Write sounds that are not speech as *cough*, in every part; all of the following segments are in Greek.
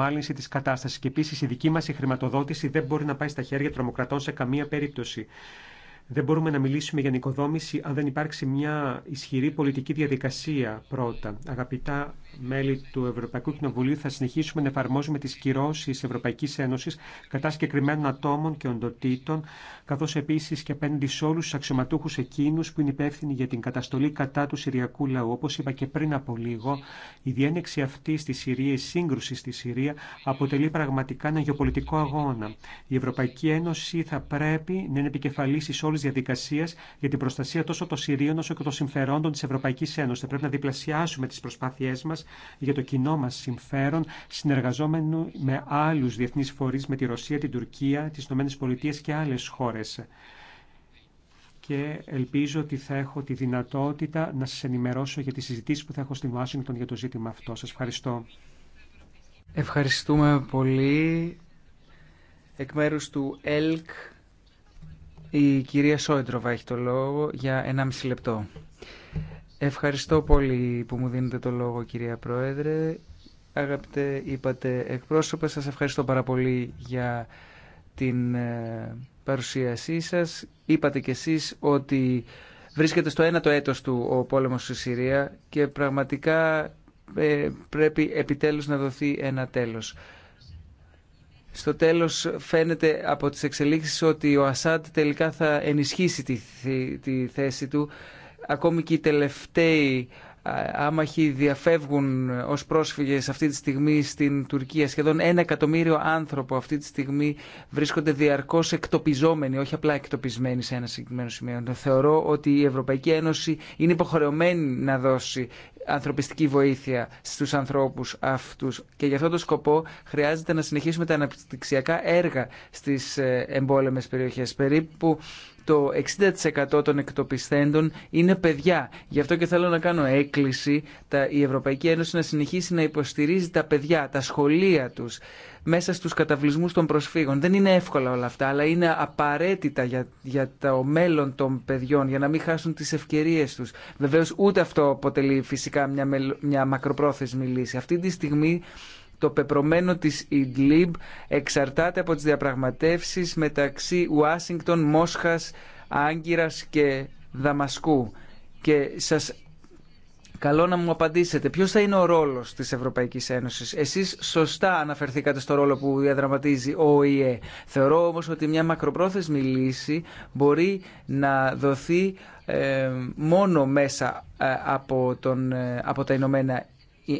μάλυνση τη κατάσταση. Και επίση η δική μα χρηματοδότηση δεν μπορεί να πάει στα χέρια τρομοκρατών σε καμία περίπτωση. Δεν μπορούμε να μιλήσουμε για νοικοδόμηση αν δεν υπάρξει μια ισχυρή πολιτική διαδικασία πρώτα. Αγαπητά μέλη του Ευρωπαϊκού Κοινοβουλίου θα συνεχίσουμε να εφαρμόζουμε τις κυρώσεις Ευρωπαϊκής Ένωσης κατά συγκεκριμένων ατόμων και οντοτήτων, καθώς επίσης και απέναντι σε όλους τους αξιωματούχους εκείνους που είναι υπεύθυνοι για την καταστολή κατά του Συριακού λαού. Όπως είπα και πριν από λίγο, η διένεξη αυτή στη Συρία, η σύγκρουση στη Συρία, αποτελεί πραγματικά ένα γεωπολιτικό αγώνα. Η Ευρωπαϊκή Ένωση θα πρέπει να είναι επικεφαλής διαδικασία για την προστασία τόσο των Συρίων όσο και των συμφερόντων τη Ευρωπαϊκή Ένωση. πρέπει να διπλασιάσουμε τι προσπάθειέ μα για το κοινό μα συμφέρον, συνεργαζόμενο με άλλου διεθνεί φορεί, με τη Ρωσία, την Τουρκία, τι Πολιτείες και άλλε χώρε. Και ελπίζω ότι θα έχω τη δυνατότητα να σα ενημερώσω για τις συζητήσει που θα έχω στην Ουάσιγκτον για το ζήτημα αυτό. Σα ευχαριστώ. Ευχαριστούμε πολύ. Εκ μέρους του ΕΛΚ, η κυρία Σόιντροβα έχει το λόγο για 1,5 λεπτό. Ευχαριστώ πολύ που μου δίνετε το λόγο κυρία Πρόεδρε. Αγαπητέ είπατε εκπρόσωπε, σας ευχαριστώ πάρα πολύ για την ε, παρουσίασή σας. Είπατε κι εσείς ότι βρίσκεται στο ένατο έτος του ο πόλεμος στη Συρία και πραγματικά ε, πρέπει επιτέλους να δοθεί ένα τέλος. Στο τέλος φαίνεται από τις εξελίξεις ότι ο Ασάντ τελικά θα ενισχύσει τη, θέση του Ακόμη και οι τελευταίοι άμαχοι διαφεύγουν ως πρόσφυγες αυτή τη στιγμή στην Τουρκία. Σχεδόν ένα εκατομμύριο άνθρωπο αυτή τη στιγμή βρίσκονται διαρκώς εκτοπιζόμενοι, όχι απλά εκτοπισμένοι σε ένα συγκεκριμένο σημείο. Θεωρώ ότι η Ευρωπαϊκή Ένωση είναι υποχρεωμένη να δώσει ανθρωπιστική βοήθεια στους ανθρώπους αυτούς. Και για αυτόν τον σκοπό χρειάζεται να συνεχίσουμε τα αναπτυξιακά έργα στις ε, εμπόλεμες περιοχές. Περίπου το 60% των εκτοπιστέντων είναι παιδιά. Γι' αυτό και θέλω να κάνω έκκληση τα, η Ευρωπαϊκή Ένωση να συνεχίσει να υποστηρίζει τα παιδιά, τα σχολεία τους, μέσα στους καταβλισμούς των προσφύγων. Δεν είναι εύκολα όλα αυτά, αλλά είναι απαραίτητα για, για το μέλλον των παιδιών, για να μην χάσουν τις ευκαιρίες τους. Βεβαίως ούτε αυτό αποτελεί φυσικά μια, μια μακροπρόθεσμη λύση. Αυτή τη στιγμή το πεπρωμένο της Ιντλίμπ εξαρτάται από τις διαπραγματεύσεις μεταξύ Ουάσιγκτον, Μόσχας, Άγκυρας και Δαμασκού. Και σας Καλό να μου απαντήσετε. Ποιο θα είναι ο ρόλο τη Ευρωπαϊκή Ένωση. Εσεί σωστά αναφερθήκατε στο ρόλο που διαδραματίζει ο ΟΗΕ. Θεωρώ όμω ότι μια μακροπρόθεσμη λύση μπορεί να δοθεί ε, μόνο μέσα ε, από, τον, ε, από τα Ηνωμένα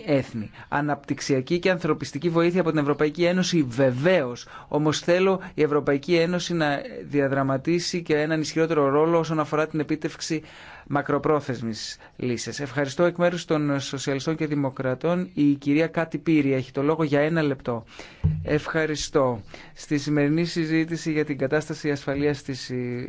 Έθνη. Αναπτυξιακή και ανθρωπιστική βοήθεια από την Ευρωπαϊκή Ένωση βεβαίω. Όμω θέλω η Ευρωπαϊκή Ένωση να διαδραματίσει και έναν ισχυρότερο ρόλο όσον αφορά την επίτευξη Μακροπρόθεσμη λύση. Ευχαριστώ εκ μέρου των Σοσιαλιστών και Δημοκρατών. Η κυρία Κάτι Πύρη έχει το λόγο για ένα λεπτό. Ευχαριστώ. Στη σημερινή συζήτηση για την κατάσταση ασφαλείας στη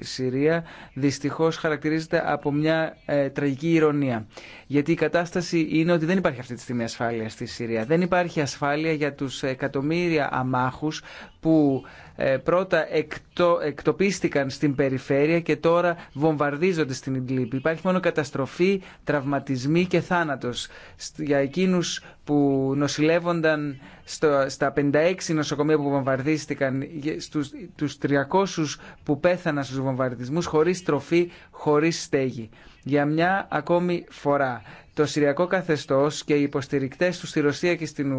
Συρία Δυστυχώ χαρακτηρίζεται από μια ε, τραγική ηρωνία. Γιατί η κατάσταση είναι ότι δεν υπάρχει αυτή τη στιγμή ασφάλεια στη Συρία. Δεν υπάρχει ασφάλεια για του εκατομμύρια αμάχου που ε, πρώτα εκτο, εκτοπίστηκαν στην περιφέρεια και τώρα βομβαρδίζονται στην Ιντλίπη. Υπάρχει μόνο καταστροφή, τραυματισμοί και θάνατος. Για εκείνους που νοσηλεύονταν στο, στα 56 νοσοκομεία που βομβαρδίστηκαν, στους, τους 300 που πέθαναν στους βομβαρδισμούς χωρίς τροφή, χωρίς στέγη. Για μια ακόμη φορά το Συριακό καθεστώς και οι υποστηρικτές του στη Ρωσία και στην,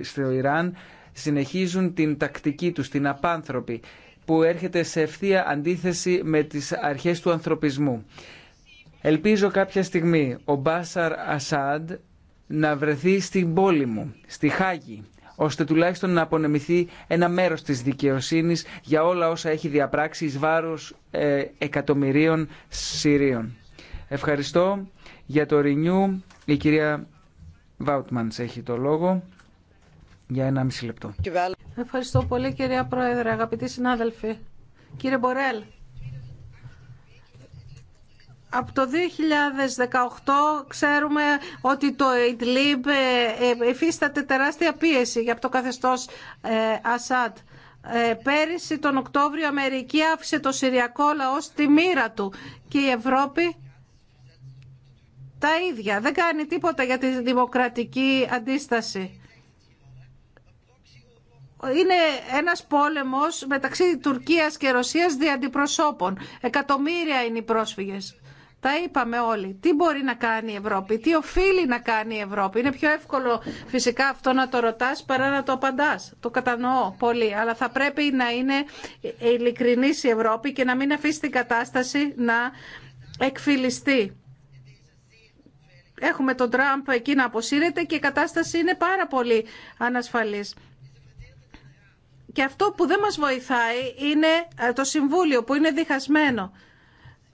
ε, στο Ιράν συνεχίζουν την τακτική τους, την απάνθρωπη, που έρχεται σε ευθεία αντίθεση με τις αρχές του ανθρωπισμού. Ελπίζω κάποια στιγμή ο Μπάσαρ Ασάντ να βρεθεί στην πόλη μου, στη Χάγη, ώστε τουλάχιστον να απονεμηθεί ένα μέρος της δικαιοσύνης για όλα όσα έχει διαπράξει εις βάρος ε, εκατομμυρίων Συρίων. Ευχαριστώ για το Ρινιού. Η κυρία Βάουτμαντς έχει το λόγο για μισή λεπτό. Ευχαριστώ πολύ κυρία Πρόεδρε, αγαπητοί συνάδελφοι. Κύριε Μπορέλ, από το 2018 ξέρουμε ότι το Ιντλίμπ ε, ε, υφίσταται τεράστια πίεση από το καθεστώς ε, Ασάντ. Πέρυσι τον Οκτώβριο η Αμερική άφησε το Συριακό λαό στη μοίρα του και η Ευρώπη τα ίδια. Δεν κάνει τίποτα για τη δημοκρατική αντίσταση είναι ένας πόλεμος μεταξύ Τουρκίας και Ρωσίας δι' αντιπροσώπων. Εκατομμύρια είναι οι πρόσφυγες. Τα είπαμε όλοι. Τι μπορεί να κάνει η Ευρώπη, τι οφείλει να κάνει η Ευρώπη. Είναι πιο εύκολο φυσικά αυτό να το ρωτάς παρά να το απαντάς. Το κατανοώ πολύ, αλλά θα πρέπει να είναι ειλικρινής η Ευρώπη και να μην αφήσει την κατάσταση να εκφυλιστεί. Έχουμε τον Τραμπ εκεί να αποσύρεται και η κατάσταση είναι πάρα πολύ ανασφαλής. Και αυτό που δεν μας βοηθάει είναι ε, το Συμβούλιο που είναι διχασμένο.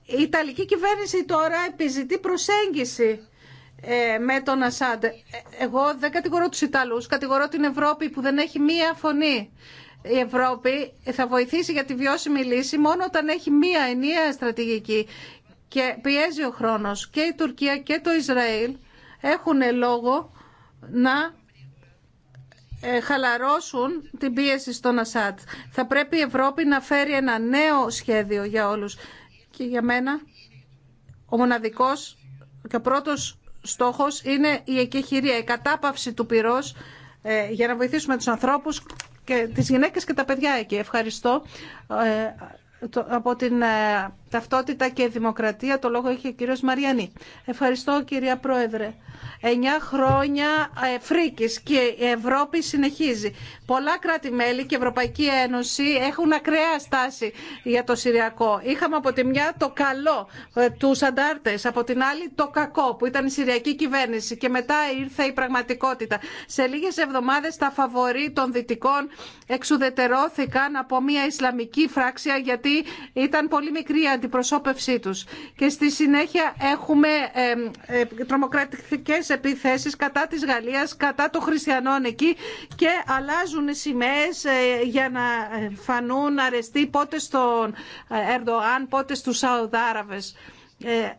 Η Ιταλική κυβέρνηση τώρα επιζητεί προσέγγιση ε, με τον Ασάντ. Ε, εγώ δεν κατηγορώ τους Ιταλούς, κατηγορώ την Ευρώπη που δεν έχει μία φωνή. Η Ευρώπη θα βοηθήσει για τη βιώσιμη λύση μόνο όταν έχει μία ενιαία στρατηγική. Και πιέζει ο χρόνος. Και η Τουρκία και το Ισραήλ έχουν λόγο να ε, χαλαρώσουν την πίεση στον Ασάτ. Θα πρέπει η Ευρώπη να φέρει ένα νέο σχέδιο για όλους. Και για μένα ο μοναδικός και ο πρώτος στόχος είναι η εκεχηρία, η κατάπαυση του πυρός ε, για να βοηθήσουμε τους ανθρώπους και τις γυναίκες και τα παιδιά εκεί. Ευχαριστώ ε, από την Ταυτότητα και Δημοκρατία, το λόγο έχει ο κύριος Μαριανή. Ευχαριστώ κυρία Πρόεδρε. Εννιά χρόνια ε, φρίκης και η Ευρώπη συνεχίζει. Πολλά κράτη-μέλη και η Ευρωπαϊκή Ένωση έχουν ακραία στάση για το Συριακό. Είχαμε από τη μια το καλό, ε, του Αντάρτε, από την άλλη το κακό που ήταν η Συριακή κυβέρνηση και μετά ήρθε η πραγματικότητα. Σε λίγε εβδομάδε, τα φαβορή των Δυτικών εξουδετερώθηκαν από μια Ισλαμική φράξια γιατί ήταν πολύ μικρή αντιπροσώπευσή τους. Και στη συνέχεια έχουμε ε, τρομοκρατικές επιθέσεις κατά της Γαλλίας, κατά των χριστιανών εκεί και αλλάζουν οι σημαίες ε, για να ε, φανούν αρεστοί πότε στον Ερντοάν, πότε στους Σαουδάραβες.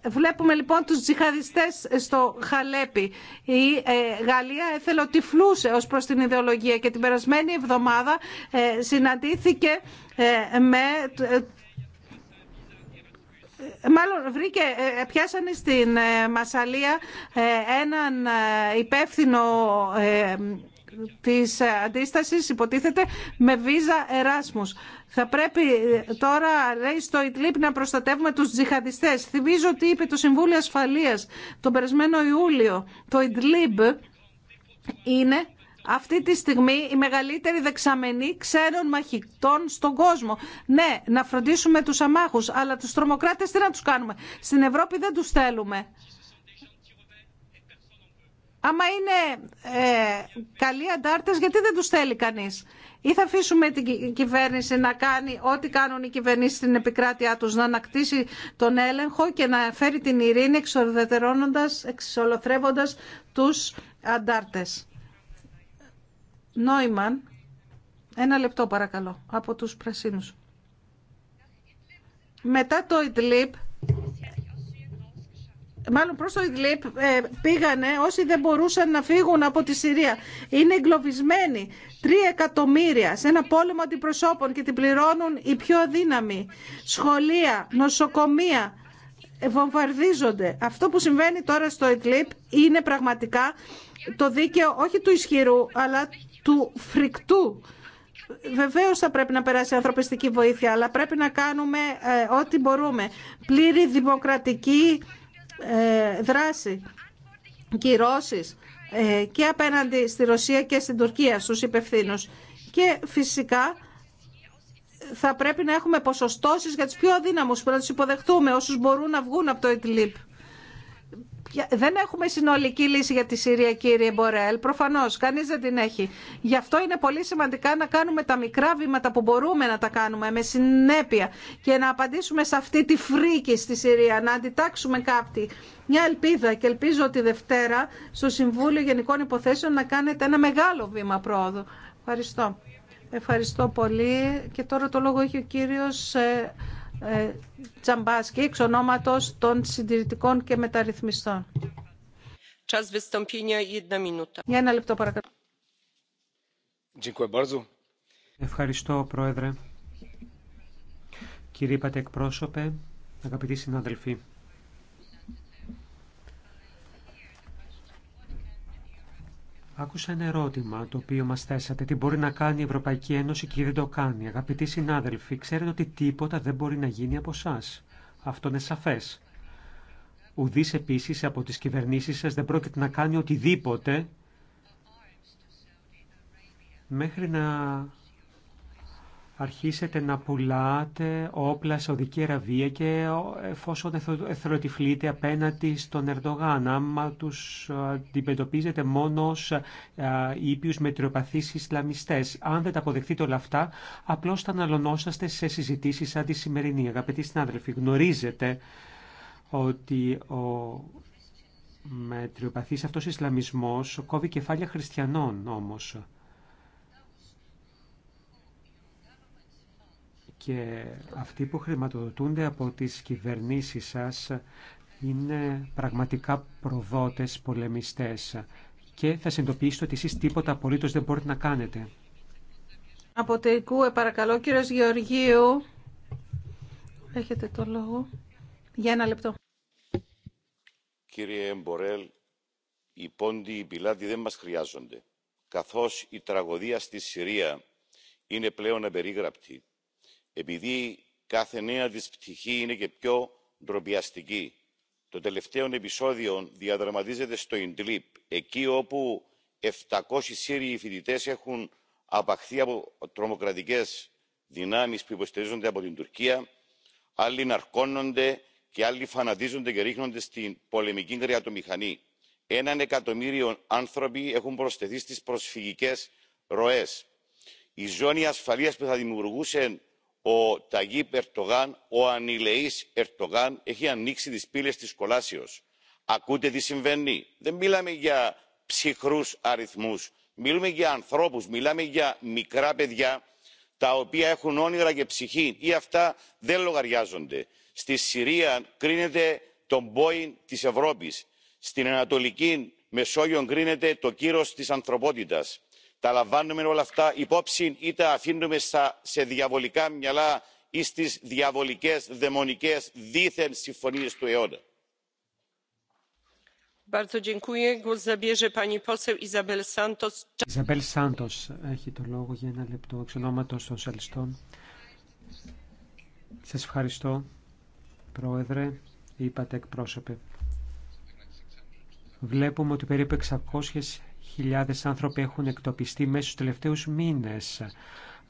Βλέπουμε λοιπόν τους τζιχαδιστές στο Χαλέπι. Η Γαλλία έθελε ότι φλούσε ως προς την ιδεολογία και την περασμένη εβδομάδα συναντήθηκε με ε, μάλλον βρήκε, ε, ε, πιάσανε στην Μασαλία έναν υπεύθυνο της αντίστασης υποτίθεται με βίζα Εράσμους. Θα πρέπει τώρα, λέει στο Ιτλίπ, να προστατεύουμε τους τζιχαντιστές. Θυμίζω ότι είπε το Συμβούλιο Ασφαλείας τον περασμένο Ιούλιο. Το Ιτλίπ είναι αυτή τη στιγμή οι μεγαλύτεροι δεξαμενοί ξέρουν μαχητών στον κόσμο. Ναι, να φροντίσουμε τους αμάχους, αλλά τους τρομοκράτες τι να τους κάνουμε. Στην Ευρώπη δεν τους θέλουμε. Άμα είναι ε, καλοί αντάρτες, γιατί δεν τους θέλει κανείς. Ή θα αφήσουμε την κυβέρνηση να κάνει ό,τι κάνουν οι κυβερνήσει στην επικράτειά τους, να ανακτήσει τον έλεγχο και να φέρει την ειρήνη εξολοθρεύοντας τους αντάρτες. Νόημαν, ένα λεπτό παρακαλώ, από τους πρασίνους. Μετά το Ιτλίπ μάλλον προς το Ιντλίπ ε, πήγανε όσοι δεν μπορούσαν να φύγουν από τη Συρία. Είναι εγκλωβισμένοι τρία εκατομμύρια σε ένα πόλεμο αντιπροσώπων και την πληρώνουν οι πιο αδύναμοι. Σχολεία, νοσοκομεία, ε, βομβαρδίζονται. Αυτό που συμβαίνει τώρα στο Ιτλίπ είναι πραγματικά το δίκαιο όχι του ισχυρού αλλά του φρικτού. Βεβαίω θα πρέπει να περάσει ανθρωπιστική βοήθεια, αλλά πρέπει να κάνουμε ε, ό,τι μπορούμε. Πλήρη δημοκρατική ε, δράση, κυρώσει ε, και απέναντι στη Ρωσία και στην Τουρκία, στους υπευθύνους. Και φυσικά θα πρέπει να έχουμε ποσοστώσεις για τους πιο αδύναμους, που να τους υποδεχτούμε όσους μπορούν να βγουν από το ΕΤΛΥΠ δεν έχουμε συνολική λύση για τη Συρία, κύριε Μπορέλ. Προφανώ, κανεί δεν την έχει. Γι' αυτό είναι πολύ σημαντικά να κάνουμε τα μικρά βήματα που μπορούμε να τα κάνουμε με συνέπεια και να απαντήσουμε σε αυτή τη φρίκη στη Συρία, να αντιτάξουμε κάτι. Μια ελπίδα και ελπίζω ότι Δευτέρα στο Συμβούλιο Γενικών Υποθέσεων να κάνετε ένα μεγάλο βήμα πρόοδου. Ευχαριστώ. Ευχαριστώ πολύ. Και τώρα το λόγο έχει ο κύριος ε, ε, Τζαμπάσκι, εξ ονόματο των συντηρητικών και μεταρρυθμιστών. Για ένα λεπτό παρακαλώ. Ευχαριστώ, Πρόεδρε. Κύριε Πατεκπρόσωπε, αγαπητοί συνάδελφοι. Άκουσα ένα ερώτημα το οποίο μας θέσατε. Τι μπορεί να κάνει η Ευρωπαϊκή Ένωση και δεν το κάνει. Αγαπητοί συνάδελφοι, ξέρετε ότι τίποτα δεν μπορεί να γίνει από εσά. Αυτό είναι σαφές. Ουδής επίσης από τις κυβερνήσεις σας δεν πρόκειται να κάνει οτιδήποτε μέχρι να αρχίσετε να πουλάτε όπλα σε οδική Αραβία και εφόσον εθροτυφλείτε απέναντι στον Ερντογάν, άμα τους ε, αντιμετωπίζετε μόνο ως ε, ήπιους μετριοπαθείς Ισλαμιστές. Αν δεν τα αποδεχτείτε όλα αυτά, απλώς θα αναλωνόσαστε σε συζητήσεις σαν τη σημερινή. Αγαπητοί συνάδελφοι, γνωρίζετε ότι ο μετριοπαθής αυτός Ισλαμισμός κόβει κεφάλια χριστιανών όμως. και αυτοί που χρηματοδοτούνται από τις κυβερνήσεις σας είναι πραγματικά προδότες, πολεμιστές και θα συνειδητοποιήσετε ότι εσείς τίποτα απολύτως δεν μπορείτε να κάνετε. Από τελικού, ε, παρακαλώ, κύριος Γεωργίου. Έχετε το λόγο. Για ένα λεπτό. Κύριε Μπορέλ, οι πόντοι, οι πιλάτι δεν μας χρειάζονται. Καθώς η τραγωδία στη Συρία είναι πλέον απερίγραπτη επειδή κάθε νέα της πτυχή είναι και πιο ντροπιαστική. Το τελευταίο επεισόδιο διαδραματίζεται στο Ιντλίπ, εκεί όπου 700 Σύριοι φοιτητέ έχουν απαχθεί από τρομοκρατικές δυνάμεις που υποστηρίζονται από την Τουρκία, άλλοι ναρκώνονται και άλλοι φανατίζονται και ρίχνονται στην πολεμική κρεατομηχανή. Έναν εκατομμύριο άνθρωποι έχουν προσθεθεί στις προσφυγικές ροές. Η ζώνη ασφαλείας που θα δημιουργούσε ο ταγίπ ερντογάν ο ανηλεής Ερτογάν έχει ανοίξει τις πύλες της κολάσεως. ακούτε τι συμβαίνει. δεν μιλάμε για ψυχρούς αριθμούς μιλούμε για ανθρώπους μιλάμε για μικρά παιδιά τα οποία έχουν όνειρα και ψυχή ή αυτά δεν λογαριάζονται. στη συρία κρίνεται τον Boeing της ευρώπης στην ανατολική μεσόγειο κρίνεται το κύρος της ανθρωπότητας τα λαμβάνουμε όλα αυτά υπόψη ή τα αφήνουμε σε διαβολικά μυαλά ή στι διαβολικέ δαιμονικές δίθεν συμφωνίε του αιώνα. Ιζαμπέλ Σάντος έχει το λόγο για ένα λεπτό εξ των Σαλιστών. Σας ευχαριστώ, Πρόεδρε, είπατε εκπρόσωπε. Βλέπουμε ότι περίπου 600 Χιλιάδες άνθρωποι έχουν εκτοπιστεί μέσα στους τελευταίους μήνες.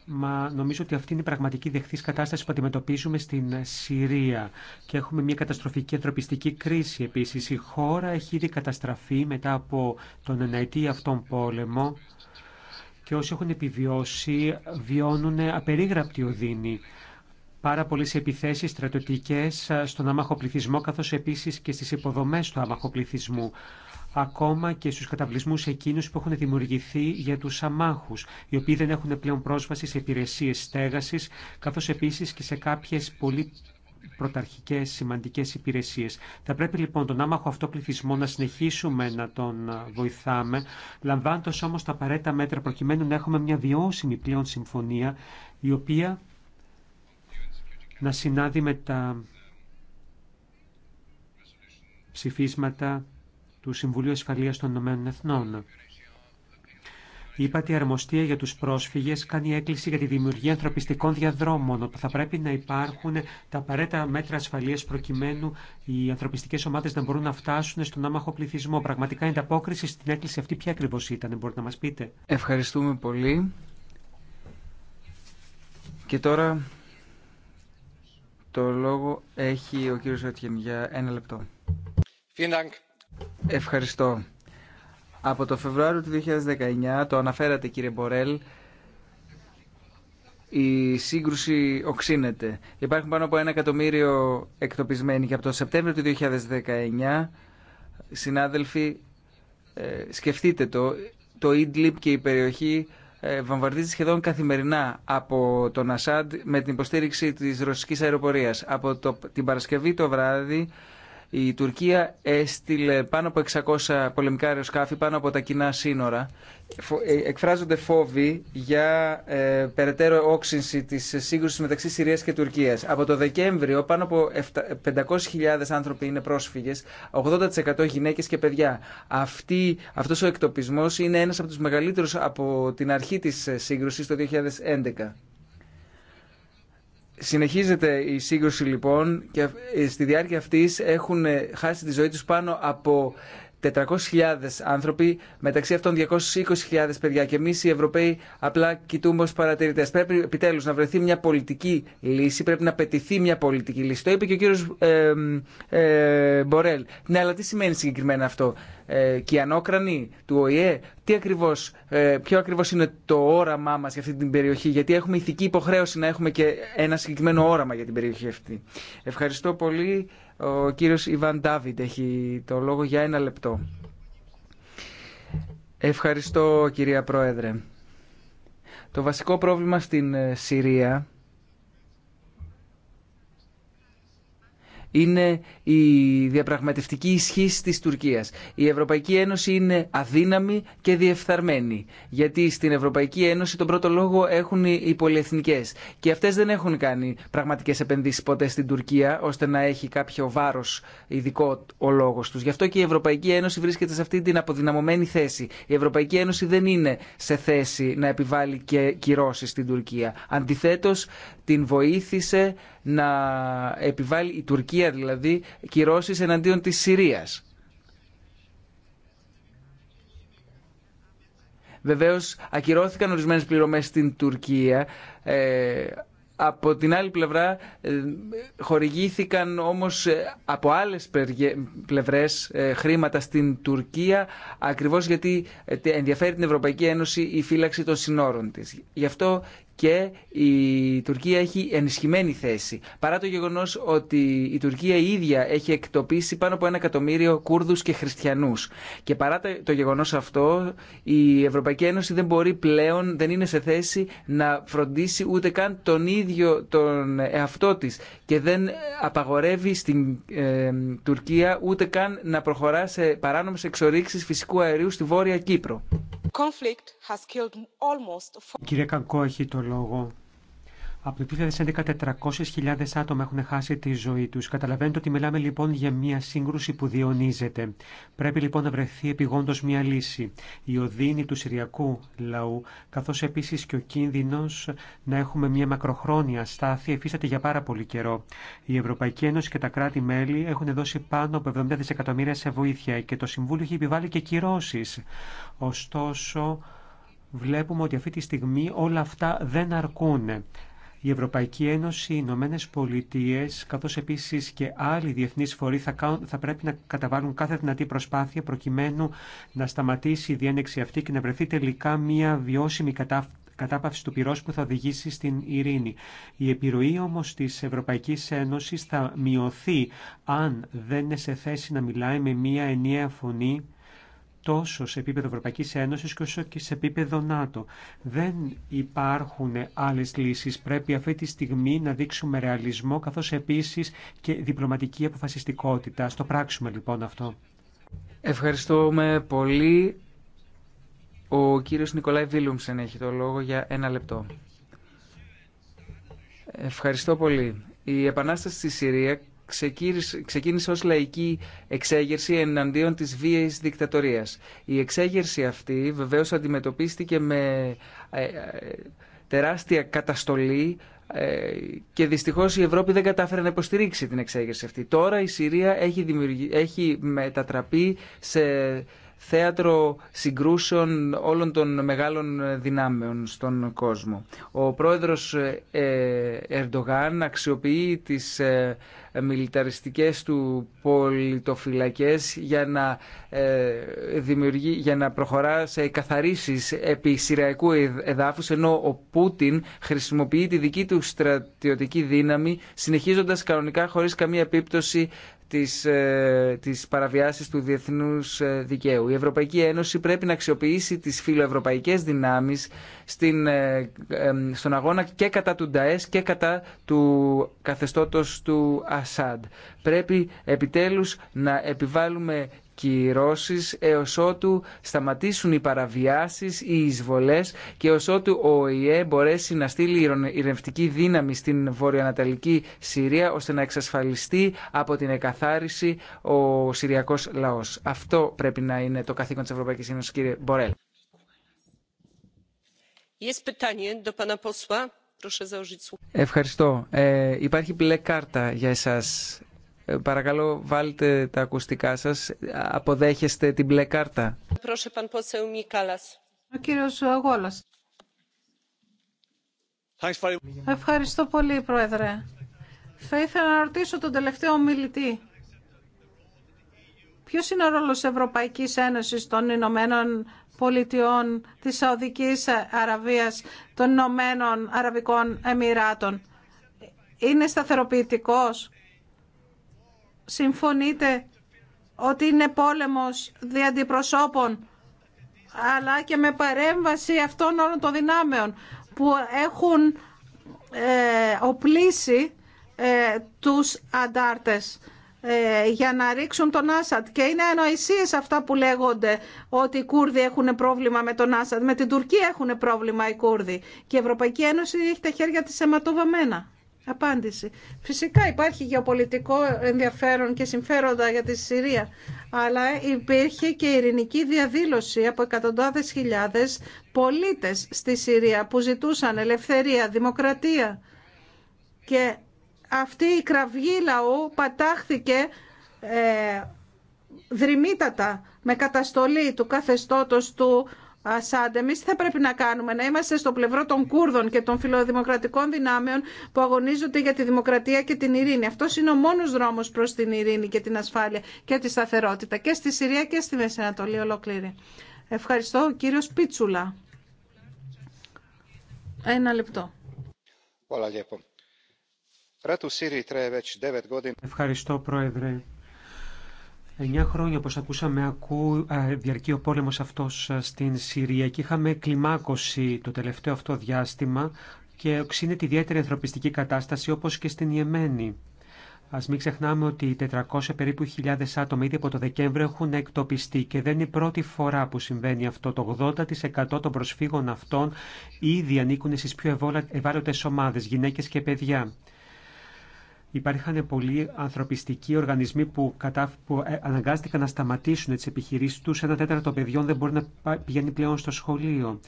Μα νομίζω ότι αυτή είναι η πραγματική δεχτής κατάσταση που αντιμετωπίζουμε στην Συρία. Και έχουμε μια καταστροφική ανθρωπιστική κρίση επίσης. Η χώρα έχει ήδη καταστραφεί μετά από τον εναετή αυτόν πόλεμο και όσοι έχουν επιβιώσει βιώνουν απερίγραπτη οδύνη. Πάρα πολλέ επιθέσει στρατιωτικέ στον άμαχο πληθυσμό, καθώ επίση και στι υποδομέ του άμαχο πληθυσμού ακόμα και στους καταβλισμούς εκείνους που έχουν δημιουργηθεί για τους αμάχους, οι οποίοι δεν έχουν πλέον πρόσβαση σε υπηρεσίες στέγασης, καθώς επίσης και σε κάποιες πολύ πρωταρχικέ σημαντικέ υπηρεσίε. Θα πρέπει λοιπόν τον άμαχο αυτό πληθυσμό να συνεχίσουμε να τον βοηθάμε, λαμβάνοντα όμω τα απαραίτητα μέτρα προκειμένου να έχουμε μια βιώσιμη πλέον συμφωνία, η οποία να συνάδει με τα ψηφίσματα του Συμβουλίου Ασφαλείας των Ηνωμένων Εθνών. Η Αρμοστία για τους πρόσφυγες κάνει έκκληση για τη δημιουργία ανθρωπιστικών διαδρόμων, όπου θα πρέπει να υπάρχουν τα απαραίτητα μέτρα ασφαλείας προκειμένου οι ανθρωπιστικές ομάδες να μπορούν να φτάσουν στον άμαχο πληθυσμό. Πραγματικά η ανταπόκριση στην έκκληση αυτή ποια ακριβώς ήταν, μπορείτε να μα πείτε. Ευχαριστούμε πολύ. Και τώρα το λόγο έχει ο κύριος Ρετχεν για ένα λεπτό. Vielen Dank. Ευχαριστώ. Από το Φεβρουάριο του 2019, το αναφέρατε κύριε Μπορέλ, η σύγκρουση οξύνεται. Υπάρχουν πάνω από ένα εκατομμύριο εκτοπισμένοι και από το Σεπτέμβριο του 2019, συνάδελφοι, ε, σκεφτείτε το, το Ιντλιπ και η περιοχή ε, βαμβαρδίζει σχεδόν καθημερινά από τον Ασάντ με την υποστήριξη της ρωσικής αεροπορίας. Από το, την Παρασκευή το βράδυ η Τουρκία έστειλε πάνω από 600 πολεμικά αεροσκάφη πάνω από τα κοινά σύνορα. Ε, εκφράζονται φόβοι για ε, περαιτέρω όξυνση τη σύγκρουση μεταξύ Συρίας και Τουρκία. Από το Δεκέμβριο πάνω από 500.000 άνθρωποι είναι πρόσφυγε, 80% γυναίκε και παιδιά. Αυτό αυτός ο εκτοπισμό είναι ένα από του μεγαλύτερου από την αρχή τη ε, σύγκρουση το 2011. Συνεχίζεται η σύγκρουση λοιπόν και ε, στη διάρκεια αυτής έχουν ε, χάσει τη ζωή τους πάνω από 400.000 άνθρωποι, μεταξύ αυτών 220.000 παιδιά και εμεί οι Ευρωπαίοι απλά κοιτούμε ω παρατηρητέ. Πρέπει επιτέλου να βρεθεί μια πολιτική λύση, πρέπει να πετηθεί μια πολιτική λύση. Το είπε και ο κύριο ε, Μπορέλ. Ναι, αλλά τι σημαίνει συγκεκριμένα αυτό ε, ανόκρανη του ΟΗΕ. Τι ακριβώς, ε, ποιο ακριβώς είναι το όραμά μα για αυτή την περιοχή, γιατί έχουμε ηθική υποχρέωση να έχουμε και ένα συγκεκριμένο όραμα για την περιοχή αυτή. Ευχαριστώ πολύ. Ο κύριος Ιβάν Ντάβιντ έχει το λόγο για ένα λεπτό. Ευχαριστώ κυρία Πρόεδρε. Το βασικό πρόβλημα στην ε, Συρία είναι η διαπραγματευτική ισχύ τη Τουρκία. Η Ευρωπαϊκή Ένωση είναι αδύναμη και διεφθαρμένη, γιατί στην Ευρωπαϊκή Ένωση τον πρώτο λόγο έχουν οι πολυεθνικέ. και αυτέ δεν έχουν κάνει πραγματικέ επενδύσει ποτέ στην Τουρκία, ώστε να έχει κάποιο βάρο ειδικό ο λόγο του. Γι' αυτό και η Ευρωπαϊκή Ένωση βρίσκεται σε αυτή την αποδυναμωμένη θέση. Η Ευρωπαϊκή Ένωση δεν είναι σε θέση να επιβάλλει και κυρώσει στην Τουρκία. Αντιθέτω την βοήθησε να επιβάλλει η Τουρκία δηλαδή κυρώσεις εναντίον της Συρίας. Βεβαίως ακυρώθηκαν ορισμένες πληρωμές στην Τουρκία. Ε, από την άλλη πλευρά ε, χορηγήθηκαν όμως ε, από άλλες πλευρές χρήματα στην Τουρκία ακριβώς γιατί ενδιαφέρει την Ευρωπαϊκή Ένωση η φύλαξη των συνόρων της. Γι' αυτό και η Τουρκία έχει ενισχυμένη θέση. Παρά το γεγονό ότι η Τουρκία η ίδια έχει εκτοπίσει πάνω από ένα εκατομμύριο Κούρδου και Χριστιανού. Και παρά το γεγονό αυτό η Ευρωπαϊκή Ένωση δεν μπορεί πλέον, δεν είναι σε θέση να φροντίσει ούτε καν τον ίδιο τον εαυτό της και δεν απαγορεύει στην ε, Τουρκία ούτε καν να προχωρά σε παράνομε εξορίξει φυσικού αερίου στη Βόρεια Κύπρο. Κυρία Κακό έχει το λόγο. Από το 2011 400.000 άτομα έχουν χάσει τη ζωή του. Καταλαβαίνετε ότι μιλάμε λοιπόν για μια σύγκρουση που διονύζεται. Πρέπει λοιπόν να βρεθεί επιγόντω μια λύση. Η οδύνη του Συριακού λαού, καθώ επίση και ο κίνδυνο να έχουμε μια μακροχρόνια στάθεια, εφίσταται για πάρα πολύ καιρό. Η Ευρωπαϊκή Ένωση και τα κράτη-μέλη έχουν δώσει πάνω από 70 δισεκατομμύρια σε βοήθεια και το Συμβούλιο έχει επιβάλει και κυρώσει. Ωστόσο, βλέπουμε ότι αυτή τη στιγμή όλα αυτά δεν αρκούν η Ευρωπαϊκή Ένωση, οι Ηνωμένε Πολιτείε, καθώ επίση και άλλοι διεθνεί φορεί θα, θα πρέπει να καταβάλουν κάθε δυνατή προσπάθεια προκειμένου να σταματήσει η διένεξη αυτή και να βρεθεί τελικά μια βιώσιμη κατάπαυση του πυρός που θα οδηγήσει στην ειρήνη. Η επιρροή όμως της Ευρωπαϊκής Ένωσης θα μειωθεί αν δεν είναι σε θέση να μιλάει με μια ενιαία φωνή τόσο σε επίπεδο Ευρωπαϊκής Ένωση όσο και σε επίπεδο ΝΑΤΟ. Δεν υπάρχουν άλλες λύσεις. Πρέπει αυτή τη στιγμή να δείξουμε ρεαλισμό καθώς επίσης και διπλωματική αποφασιστικότητα. Στο πράξουμε λοιπόν αυτό. Ευχαριστούμε πολύ. Ο κύριος Νικολάη Βίλουμσεν έχει το λόγο για ένα λεπτό. Ευχαριστώ πολύ. Η επανάσταση στη Συρία ξεκίνησε ως λαϊκή εξέγερση εναντίον της βίαιης δικτατορίας. Η εξέγερση αυτή βεβαίως αντιμετωπίστηκε με ε, ε, τεράστια καταστολή ε, και δυστυχώς η Ευρώπη δεν κατάφερε να υποστηρίξει την εξέγερση αυτή. Τώρα η Συρία έχει, έχει μετατραπεί σε θέατρο συγκρούσεων όλων των μεγάλων δυνάμεων στον κόσμο. Ο πρόεδρος ε, Ερντογάν αξιοποιεί τις ε, μιλιταριστικές του πολιτοφυλακές για να, ε, δημιουργεί, για να προχωρά σε καθαρίσεις επί Συριακού εδάφους, ενώ ο Πούτιν χρησιμοποιεί τη δική του στρατιωτική δύναμη, συνεχίζοντας κανονικά χωρίς καμία επίπτωση τις, ε, τις παραβιάσεις του διεθνούς ε, δικαίου. Η Ευρωπαϊκή Ένωση πρέπει να αξιοποιήσει τις φιλοευρωπαϊκές δυνάμεις στην, ε, στον αγώνα και κατά του Νταές και κατά του καθεστώτος του Ασάντ. Πρέπει επιτέλους να επιβάλλουμε κυρώσεις έως ότου σταματήσουν οι παραβιάσεις, οι εισβολές και έως ότου ο ΟΗΕ μπορέσει να στείλει ηρευτική δύναμη στην βορειοανατολική Συρία ώστε να εξασφαλιστεί από την εκαθάριση ο Συριακός λαός. Αυτό πρέπει να είναι το καθήκον της Ευρωπαϊκής Ένωσης, κύριε Μπορέλ. Ευχαριστώ. Ε, υπάρχει μπλε κάρτα για εσάς. Παρακαλώ βάλτε τα ακουστικά σας. Αποδέχεστε την μπλε κάρτα. Ο Ευχαριστώ πολύ, Πρόεδρε. Θα ήθελα να ρωτήσω τον τελευταίο μιλητή. Ποιο είναι ο ρόλο Ευρωπαϊκή Ένωση των Ηνωμένων Πολιτειών, τη Σαουδική Αραβία, των Ηνωμένων Αραβικών Εμμυράτων, είναι σταθεροποιητικός συμφωνείτε ότι είναι πόλεμος δι' αντιπροσώπων, αλλά και με παρέμβαση αυτών όλων των δυνάμεων που έχουν ε, οπλίσει ε, τους αντάρτες ε, για να ρίξουν τον Άσαντ. Και είναι ανοησίες αυτά που λέγονται ότι οι Κούρδοι έχουν πρόβλημα με τον Άσαντ. Με την Τουρκία έχουν πρόβλημα οι Κούρδοι. Και η Ευρωπαϊκή Ένωση έχει τα χέρια της αιματοβαμμένα. Απάντηση. Φυσικά υπάρχει γεωπολιτικό ενδιαφέρον και συμφέροντα για τη Συρία, αλλά υπήρχε και ειρηνική διαδήλωση από εκατοντάδες χιλιάδες πολίτες στη Συρία που ζητούσαν ελευθερία, δημοκρατία. Και αυτή η κραυγή λαού πατάχθηκε ε, δρυμύτατα με καταστολή του καθεστώτος του Ασάντ, εμεί θα πρέπει να κάνουμε, να είμαστε στο πλευρό των Κούρδων και των φιλοδημοκρατικών δυνάμεων που αγωνίζονται για τη δημοκρατία και την ειρήνη. Αυτό είναι ο μόνος δρόμος προς την ειρήνη και την ασφάλεια και τη σταθερότητα και στη Συρία και στη Μέση Ανατολή ολόκληρη. Ευχαριστώ, κύριο Πίτσουλα. Ένα λεπτό. Ευχαριστώ, Πρόεδρε. Εννιά χρόνια, όπως ακούσαμε, ακού, ε, διαρκεί ο πόλεμος αυτός ε, στην Συρία και είχαμε κλιμάκωση το τελευταίο αυτό διάστημα και οξύνεται ιδιαίτερη ανθρωπιστική κατάσταση όπως και στην Ιεμένη. Ας μην ξεχνάμε ότι 400 περίπου χιλιάδε άτομα ήδη από το Δεκέμβριο έχουν εκτοπιστεί και δεν είναι η πρώτη φορά που συμβαίνει αυτό. Το 80% των προσφύγων αυτών ήδη ανήκουν στις πιο ευάλωτες ομάδες, γυναίκες και παιδιά. Υπάρχουν πολλοί ανθρωπιστικοί οργανισμοί που, ε, αναγκάστηκαν να σταματήσουν τι επιχειρήσει του. Ένα τέταρτο παιδιών δεν μπορεί να πηγαίνει πλέον στο σχολείο.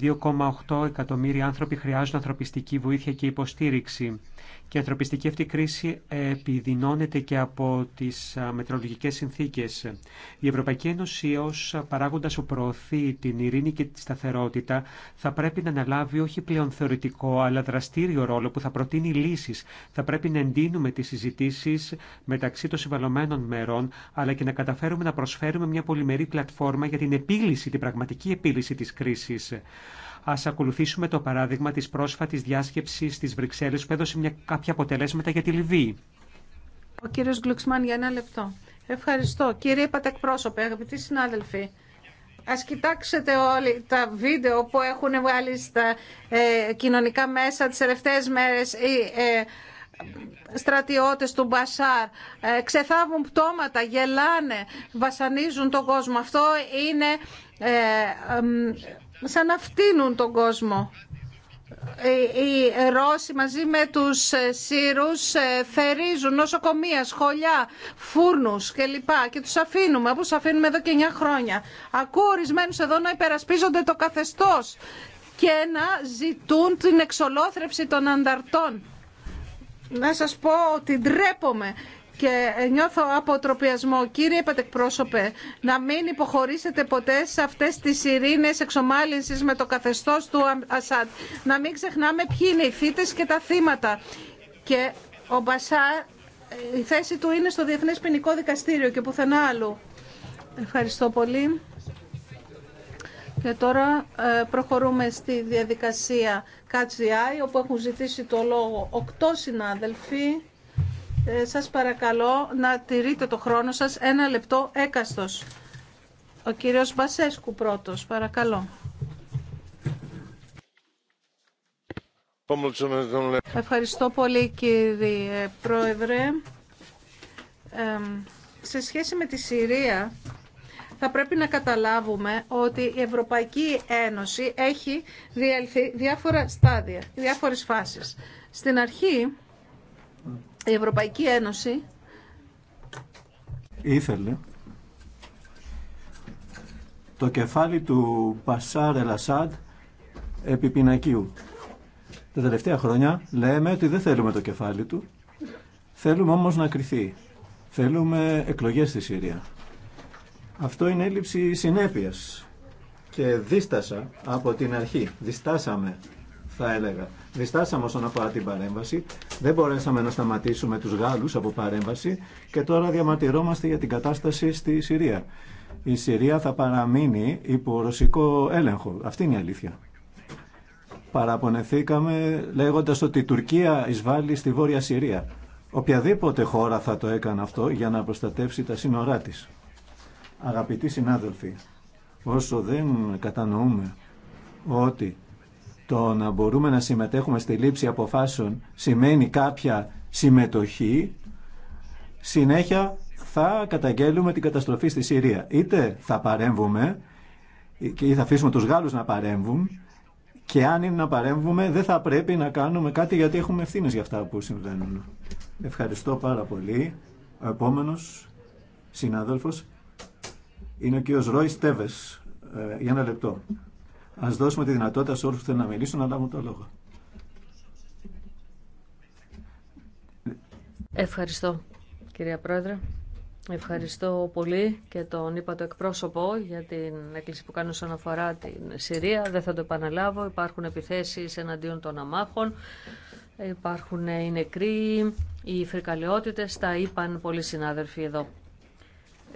2,8 εκατομμύρια άνθρωποι χρειάζονται ανθρωπιστική βοήθεια και υποστήριξη. Και η ανθρωπιστική αυτή κρίση επιδεινώνεται και από τι μετρολογικέ συνθήκε. Η Ευρωπαϊκή Ένωση ω παράγοντας που προωθεί την ειρήνη και τη σταθερότητα θα πρέπει να αναλάβει όχι πλέον θεωρητικό αλλά δραστήριο ρόλο που θα προτείνει λύσει. Θα πρέπει να εντείνουμε τι συζητήσει μεταξύ των συμβαλωμένων μερών αλλά και να καταφέρουμε να προσφέρουμε μια πολυμερή πλατφόρμα για την επίλυση, την πραγματική επίλυση τη κρίση. Α ακολουθήσουμε το παράδειγμα τη πρόσφατη διάσκεψη τη Βρυξέλλε που έδωσε μια, κάποια αποτελέσματα για τη Λιβύη. Ο κύριο Γκλουξμάν για ένα λεπτό. Ευχαριστώ. Κύριε Πατεκπρόσωπε, αγαπητοί συνάδελφοι, α κοιτάξετε όλοι τα βίντεο που έχουν βγάλει στα ε, κοινωνικά μέσα τις τελευταίες μέρες οι ε, στρατιώτες του Μπασάρ. Ε, ξεθάβουν πτώματα, γελάνε, βασανίζουν τον κόσμο. Αυτό είναι ε, σαν να φτύνουν τον κόσμο. Ε, οι Ρώσοι μαζί με τους ε, Σύρους θερίζουν ε, νοσοκομεία, σχολιά, φούρνους κλπ. και τους αφήνουμε όπως αφήνουμε εδώ και 9 χρόνια. Ακούω ορισμένους εδώ να υπερασπίζονται το καθεστώς και να ζητούν την εξολόθρευση των ανταρτών. Να σας πω ότι ντρέπομαι και νιώθω αποτροπιασμό. Κύριε Πατεκπρόσωπε, να μην υποχωρήσετε ποτέ σε αυτές τις ειρήνε εξομάλυνσης με το καθεστώς του Ασάντ. Να μην ξεχνάμε ποιοι είναι οι φίτες και τα θύματα. Και ο Μπασάρ, ε, η θέση του είναι στο διεθνέ Ποινικό Δικαστήριο και πουθενά άλλου. Ευχαριστώ πολύ. Και τώρα ε, προχωρούμε στη διαδικασία ΚΑΤΣΙΑΙ, όπου έχουν ζητήσει το λόγο οκτώ συνάδελφοι. Ε, σας παρακαλώ να τηρείτε το χρόνο σας ένα λεπτό έκαστος. Ο κύριος Μπασέσκου πρώτος, παρακαλώ. Ευχαριστώ πολύ κύριε Πρόεδρε. σε σχέση με τη Συρία θα πρέπει να καταλάβουμε ότι η Ευρωπαϊκή Ένωση έχει διέλθει διάφορα στάδια, διάφορες φάσεις. Στην αρχή η Ευρωπαϊκή Ένωση ήθελε το κεφάλι του Πασάρ Ελασάντ επί πινακίου. Τα τελευταία χρόνια λέμε ότι δεν θέλουμε το κεφάλι του, θέλουμε όμως να κριθεί. Θέλουμε εκλογές στη Συρία. Αυτό είναι έλλειψη συνέπειας και δίστασα από την αρχή, διστάσαμε θα έλεγα. Διστάσαμε όσον αφορά την παρέμβαση, δεν μπορέσαμε να σταματήσουμε τους Γάλλους από παρέμβαση και τώρα διαμαρτυρόμαστε για την κατάσταση στη Συρία. Η Συρία θα παραμείνει υπό ρωσικό έλεγχο. Αυτή είναι η αλήθεια. Παραπονεθήκαμε λέγοντας ότι η Τουρκία εισβάλλει στη Βόρεια Συρία. Οποιαδήποτε χώρα θα το έκανε αυτό για να προστατεύσει τα σύνορά της. Αγαπητοί συνάδελφοι, όσο δεν κατανοούμε ότι το να μπορούμε να συμμετέχουμε στη λήψη αποφάσεων σημαίνει κάποια συμμετοχή. Συνέχεια θα καταγγέλουμε την καταστροφή στη Συρία. Είτε θα παρέμβουμε ή θα αφήσουμε τους Γάλλους να παρέμβουν και αν είναι να παρέμβουμε δεν θα πρέπει να κάνουμε κάτι γιατί έχουμε ευθύνε για αυτά που συμβαίνουν. Ευχαριστώ πάρα πολύ. Ο επόμενος συνάδελφος είναι ο κ. Ρόι Τέβες. Ε, για ένα λεπτό. Α δώσουμε τη δυνατότητα σε όλου που θέλουν να μιλήσουν να λάβουν το λόγο. Ευχαριστώ, κυρία Πρόεδρε. Ευχαριστώ πολύ και τον είπα το εκπρόσωπο για την έκκληση που κάνω όσον αφορά την Συρία. Δεν θα το επαναλάβω. Υπάρχουν επιθέσεις εναντίον των αμάχων, υπάρχουν ε, οι νεκροί, οι φρικαλαιότητες, τα είπαν πολλοί συνάδελφοι εδώ.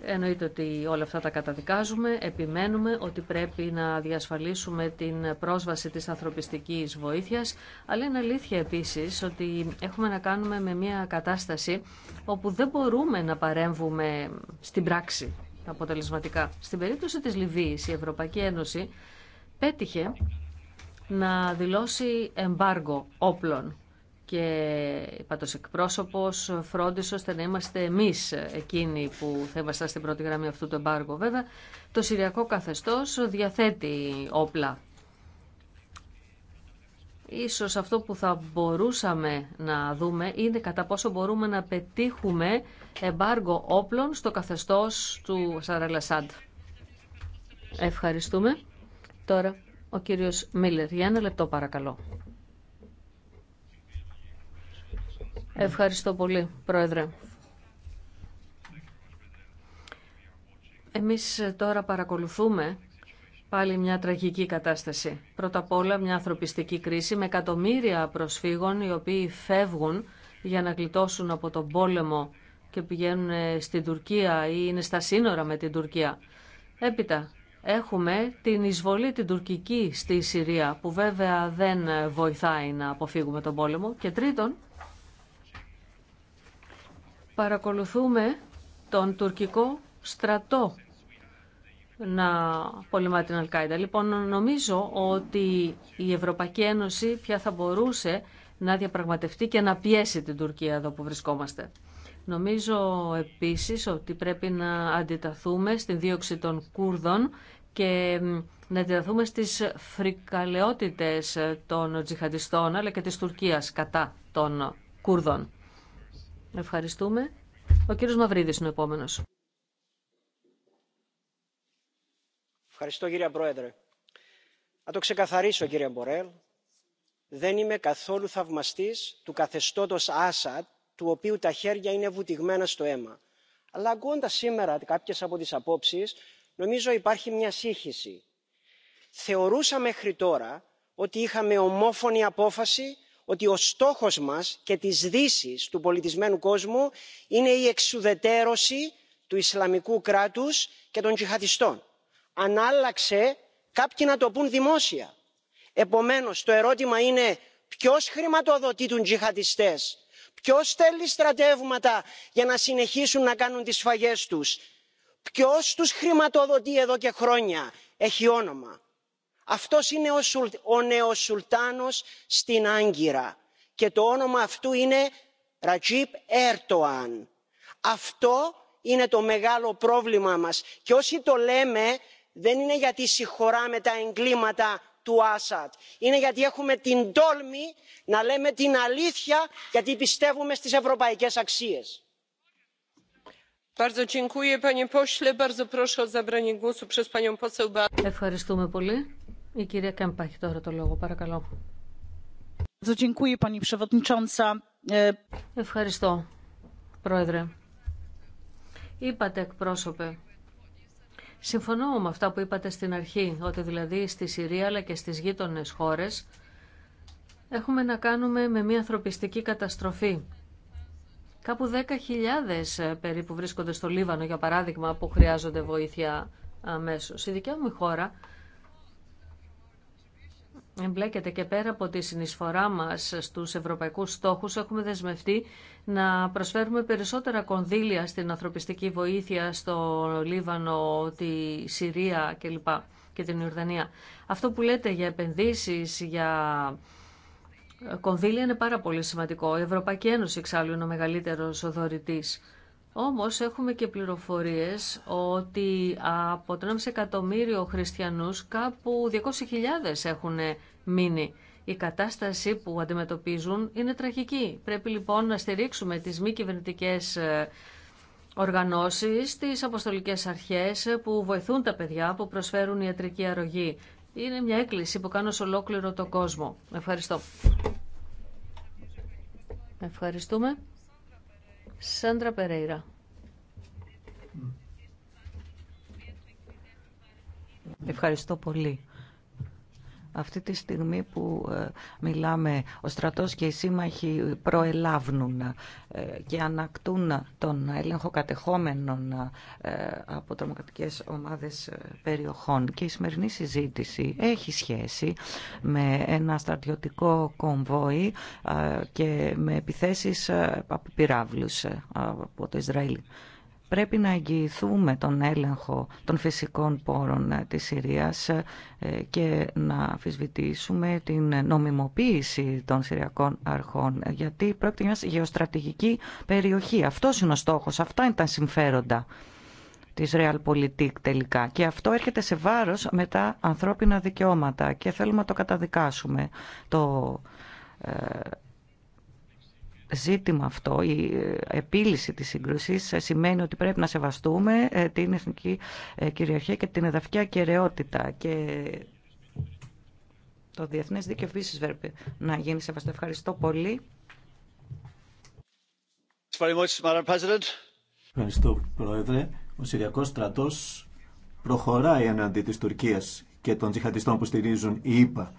Εννοείται ότι όλα αυτά τα καταδικάζουμε. Επιμένουμε ότι πρέπει να διασφαλίσουμε την πρόσβαση της ανθρωπιστικής βοήθειας. Αλλά είναι αλήθεια επίσης ότι έχουμε να κάνουμε με μια κατάσταση όπου δεν μπορούμε να παρέμβουμε στην πράξη αποτελεσματικά. Στην περίπτωση της Λιβύης η Ευρωπαϊκή Ένωση πέτυχε να δηλώσει εμπάργο όπλων και το εκπρόσωπος φρόντισε ώστε να είμαστε εμείς εκείνοι που θα είμαστε στην πρώτη γραμμή αυτού του εμπάργου. Βέβαια, το Συριακό καθεστώς διαθέτει όπλα. Ίσως αυτό που θα μπορούσαμε να δούμε είναι κατά πόσο μπορούμε να πετύχουμε εμπάργο όπλων στο καθεστώς του Σαραλασάντ. Ευχαριστούμε. Τώρα ο κύριος Μίλλερ. Για ένα λεπτό παρακαλώ. Ευχαριστώ πολύ, Πρόεδρε. Εμείς τώρα παρακολουθούμε πάλι μια τραγική κατάσταση. Πρώτα απ' όλα μια ανθρωπιστική κρίση με εκατομμύρια προσφύγων οι οποίοι φεύγουν για να γλιτώσουν από τον πόλεμο και πηγαίνουν στην Τουρκία ή είναι στα σύνορα με την Τουρκία. Έπειτα έχουμε την εισβολή την τουρκική στη Συρία που βέβαια δεν βοηθάει να αποφύγουμε τον πόλεμο και τρίτον παρακολουθούμε τον τουρκικό στρατό να πολεμά την αλκαΐδα. Λοιπόν, νομίζω ότι η Ευρωπαϊκή Ένωση πια θα μπορούσε να διαπραγματευτεί και να πιέσει την Τουρκία εδώ που βρισκόμαστε. Νομίζω επίσης ότι πρέπει να αντιταθούμε στην δίωξη των Κούρδων και να αντιταθούμε στις φρικαλαιότητες των τζιχαντιστών αλλά και της Τουρκίας κατά των Κούρδων. Ευχαριστούμε. Ο κύριος Μαυρίδη είναι ο επόμενος. Ευχαριστώ κύριε Πρόεδρε. Να το ξεκαθαρίσω κύριε Μπορέλ. Δεν είμαι καθόλου θαυμαστής του καθεστώτος Άσαντ, του οποίου τα χέρια είναι βουτυγμένα στο αίμα. Αλλά ακούγοντα σήμερα κάποιε από τις απόψει νομίζω υπάρχει μια σύγχυση. Θεωρούσα μέχρι τώρα ότι είχαμε ομόφωνη απόφαση ότι ο στόχος μας και της δύσης του πολιτισμένου κόσμου είναι η εξουδετερώση του ισλαμικού κράτους και των τζιχαντιστών. αν άλλαξε κάποιοι να το πουν δημόσια. επομένως το ερώτημα είναι ποιος χρηματοδοτεί τους τζιχαντιστές ποιος στέλνει στρατεύματα για να συνεχίσουν να κάνουν τις σφαγές τους ποιος τους χρηματοδοτεί εδώ και χρόνια έχει όνομα αυτός είναι ο νεοσουλτάνος στην άγκυρα και το όνομα αυτού είναι ρατζίπ Ερτοάν. αυτό είναι το μεγάλο πρόβλημά μας και όσοι το λέμε δεν είναι γιατί συγχωράμε τα εγκλήματα του άσαντ είναι γιατί έχουμε την τόλμη να λέμε την αλήθεια γιατί πιστεύουμε στις ευρωπαϊκές αξίες. Ευχαριστούμε πολύ. Η κυρία Κέμπα έχει τώρα το λόγο, παρακαλώ. Ε, Ευχαριστώ, Πρόεδρε. Είπατε εκπρόσωπε. Συμφωνώ με αυτά που είπατε στην αρχή, ότι δηλαδή στη Συρία αλλά και στις γείτονες χώρες έχουμε να κάνουμε με μια ανθρωπιστική καταστροφή. Κάπου 10.000 ε, περίπου βρίσκονται στο Λίβανο, για παράδειγμα, που χρειάζονται βοήθεια αμέσως. Η δικιά μου χώρα εμπλέκεται και πέρα από τη συνεισφορά μας στους ευρωπαϊκούς στόχους έχουμε δεσμευτεί να προσφέρουμε περισσότερα κονδύλια στην ανθρωπιστική βοήθεια στο Λίβανο, τη Συρία κλπ. και την Ιορδανία. Αυτό που λέτε για επενδύσεις, για κονδύλια είναι πάρα πολύ σημαντικό. Η Ευρωπαϊκή Ένωση εξάλλου είναι ο μεγαλύτερος όμως έχουμε και πληροφορίες ότι από το 1,5 εκατομμύριο χριστιανούς κάπου 200.000 έχουν μείνει. Η κατάσταση που αντιμετωπίζουν είναι τραγική. Πρέπει λοιπόν να στηρίξουμε τις μη κυβερνητικέ ε, οργανώσεις, τις αποστολικές αρχές που βοηθούν τα παιδιά που προσφέρουν ιατρική αρρωγή. Είναι μια έκκληση που κάνω σε ολόκληρο το κόσμο. Ευχαριστώ. Ευχαριστούμε. Σάντρα Περέιρα. Ευχαριστώ πολύ. Αυτή τη στιγμή που ε, μιλάμε, ο στρατός και οι σύμμαχοι προελάβουν ε, και ανακτούν τον έλεγχο κατεχόμενων ε, από τρομοκρατικές ομάδες περιοχών. Και η σημερινή συζήτηση έχει σχέση με ένα στρατιωτικό κομβόι και με επιθέσεις από πυράβλους από το Ισραήλ πρέπει να εγγυηθούμε τον έλεγχο των φυσικών πόρων ε, της Συρίας ε, και να αφισβητήσουμε την νομιμοποίηση των Συριακών αρχών γιατί πρόκειται για μια γεωστρατηγική περιοχή. Αυτό είναι ο στόχος, αυτά είναι τα συμφέροντα της Realpolitik τελικά και αυτό έρχεται σε βάρος με τα ανθρώπινα δικαιώματα και θέλουμε να το καταδικάσουμε το ε, ζήτημα αυτό, η ε, επίλυση της σύγκρουσης, ε, σημαίνει ότι πρέπει να σεβαστούμε ε, την εθνική κυριαρχία και την εδαφική ακαιρεότητα. Και το διεθνές δίκαιο επίσης πρέπει να γίνει σεβαστό. Ευχαριστώ πολύ. Ευχαριστώ, Πρόεδρε. Ο Συριακός στρατός προχωράει εναντί της Τουρκίας και των τζιχαντιστών που στηρίζουν η ΙΠΑ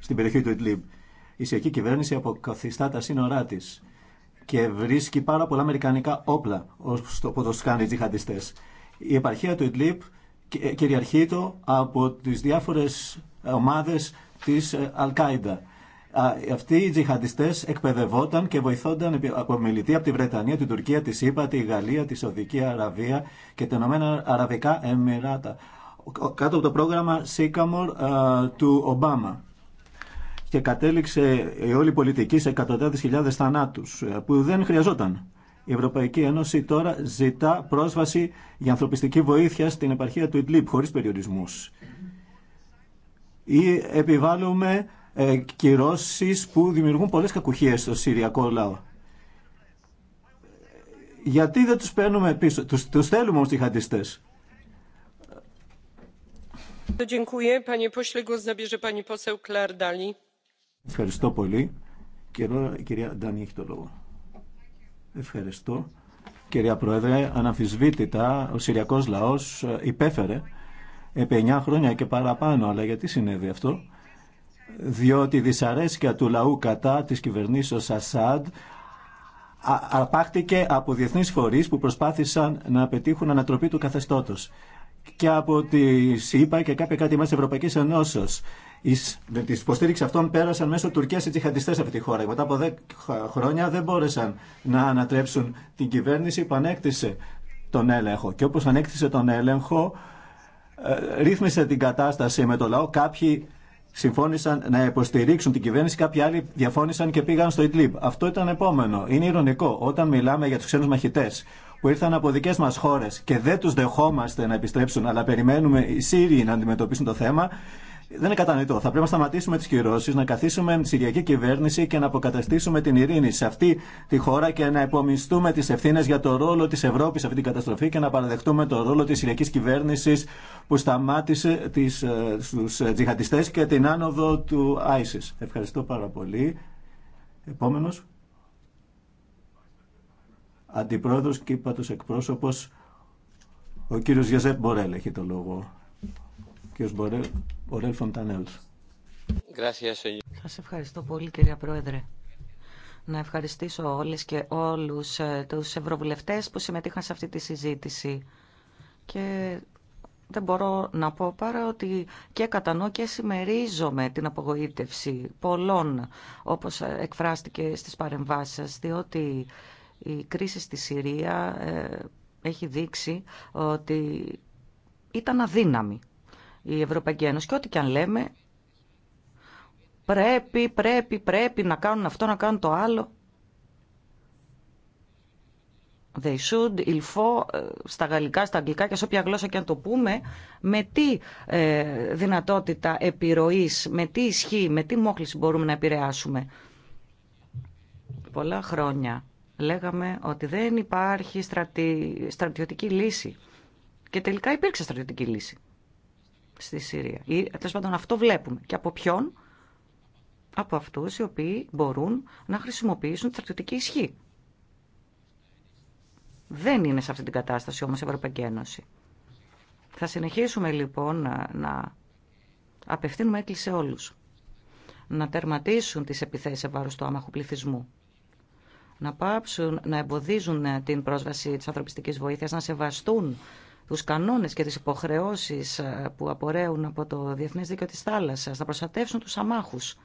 στην περιοχή του Ιτλίμπ. Η Συριακή κυβέρνηση αποκαθιστά τα σύνορά της και βρίσκει πάρα πολλά αμερικανικά όπλα ως το κάνουν οι τζιχαντιστές. Η επαρχία του Ιντλίπ ε, κυριαρχείται από τις διάφορες ε, ομάδες της ε, Αλκάιντα. Αυτοί οι τζιχαντιστές εκπαιδευόταν και βοηθόταν από μιλητή από τη Βρετανία, την Τουρκία, τη ΣΥΠΑ, τη Γαλλία, τη Σαουδική Αραβία και τα Ηνωμένα Αραβικά Εμμυράτα. Κάτω από το πρόγραμμα Σίκαμορ του Ομπάμα και κατέληξε η όλη πολιτική σε εκατοντάδες χιλιάδες θανάτους ε, που δεν χρειαζόταν. Η Ευρωπαϊκή Ένωση τώρα ζητά πρόσβαση για ανθρωπιστική βοήθεια στην επαρχία του Ιντλίπ χωρίς περιορισμούς. Ή επιβάλλουμε ε, κυρώσεις που δημιουργούν πολλές κακουχίες στο Συριακό λαό. Γιατί δεν τους παίρνουμε πίσω, τους, τους θέλουμε όμως οι Dziękuję. Panie pośle, głos pani poseł Ευχαριστώ πολύ. Κυρία, κυρία Ντάνη, έχει το λόγο. Ευχαριστώ. Κυρία Πρόεδρε, αναμφισβήτητα ο Συριακός λαός ε, υπέφερε επί 9 χρόνια και παραπάνω. Αλλά γιατί συνέβη αυτό. Διότι η δυσαρέσκεια του λαού κατά της κυβερνήσεως Ασάντ αρπάχτηκε από διεθνείς φορείς που προσπάθησαν να πετύχουν ανατροπή του καθεστώτος και από τη ΣΥΠΑ και κάποια κάτι μέσα τη Ευρωπαϊκή Ενώσεω. Τη υποστήριξη αυτών πέρασαν μέσω Τουρκία οι τσιχαντιστέ αυτή τη χώρα. Μετά από 10 χρόνια δεν μπόρεσαν να ανατρέψουν την κυβέρνηση που ανέκτησε τον έλεγχο. Και όπω ανέκτησε τον έλεγχο, ε, ρύθμισε την κατάσταση με το λαό. Κάποιοι συμφώνησαν να υποστηρίξουν την κυβέρνηση, κάποιοι άλλοι διαφώνησαν και πήγαν στο Ιντλίμπ. Αυτό ήταν επόμενο. Είναι ηρωνικό όταν μιλάμε για του ξένου μαχητέ, που ήρθαν από δικέ μα χώρε και δεν του δεχόμαστε να επιστρέψουν, αλλά περιμένουμε οι Σύριοι να αντιμετωπίσουν το θέμα, δεν είναι κατανοητό. Θα πρέπει να σταματήσουμε τι κυρώσει, να καθίσουμε με τη Συριακή κυβέρνηση και να αποκαταστήσουμε την ειρήνη σε αυτή τη χώρα και να υπομισθούμε τι ευθύνε για το ρόλο τη Ευρώπη σε αυτή την καταστροφή και να παραδεχτούμε το ρόλο τη Συριακή κυβέρνηση που σταμάτησε ε, του τζιχαντιστέ και την άνοδο του ISIS. Ευχαριστώ πάρα πολύ. Επόμενο. Αντιπρόεδρος και τους Εκπρόσωπος, ο κύριος Γιαζέπ Μπορέλ έχει το λόγο. Ο κύριος Μπορέλ, Μπορέλ Σας ευχαριστώ πολύ κυρία Πρόεδρε. Να ευχαριστήσω όλες και όλους ε, τους ευρωβουλευτές που συμμετείχαν σε αυτή τη συζήτηση. Και δεν μπορώ να πω παρά ότι και κατανοώ και συμμερίζομαι την απογοήτευση πολλών όπως εκφράστηκε στις παρεμβάσεις διότι η κρίση στη Συρία ε, έχει δείξει ότι ήταν αδύναμη η Ευρωπαϊκή Ένωση και ό,τι και αν λέμε πρέπει, πρέπει, πρέπει να κάνουν αυτό, να κάνουν το άλλο. They should, faut, ε, στα γαλλικά, στα αγγλικά και σε όποια γλώσσα και αν το πούμε, με τι ε, δυνατότητα επιρροής, με τι ισχύ, με τι μόχληση μπορούμε να επηρεάσουμε. Πολλά χρόνια λέγαμε ότι δεν υπάρχει στρατιωτική λύση. Και τελικά υπήρξε στρατιωτική λύση στη Συρία. Ή, τέλος πάντων, αυτό βλέπουμε. Και από ποιον? Από αυτούς οι οποίοι μπορούν να χρησιμοποιήσουν τη στρατιωτική ισχύ. Δεν είναι σε αυτή την κατάσταση όμως η παντων αυτο βλεπουμε και απο ποιον απο αυτους οι οποιοι μπορουν να χρησιμοποιησουν Ένωση. Θα συνεχίσουμε λοιπόν να, να απευθύνουμε έκκληση σε όλους. Να τερματίσουν τις επιθέσεις σε βάρος του άμαχου πληθυσμού να πάψουν να εμποδίζουν ε, την πρόσβαση της ανθρωπιστικής βοήθειας, να σεβαστούν τους κανόνες και τις υποχρεώσεις ε, που απορρέουν από το Διεθνές Δίκαιο της Θάλασσας, να προστατεύσουν τους αμάχους.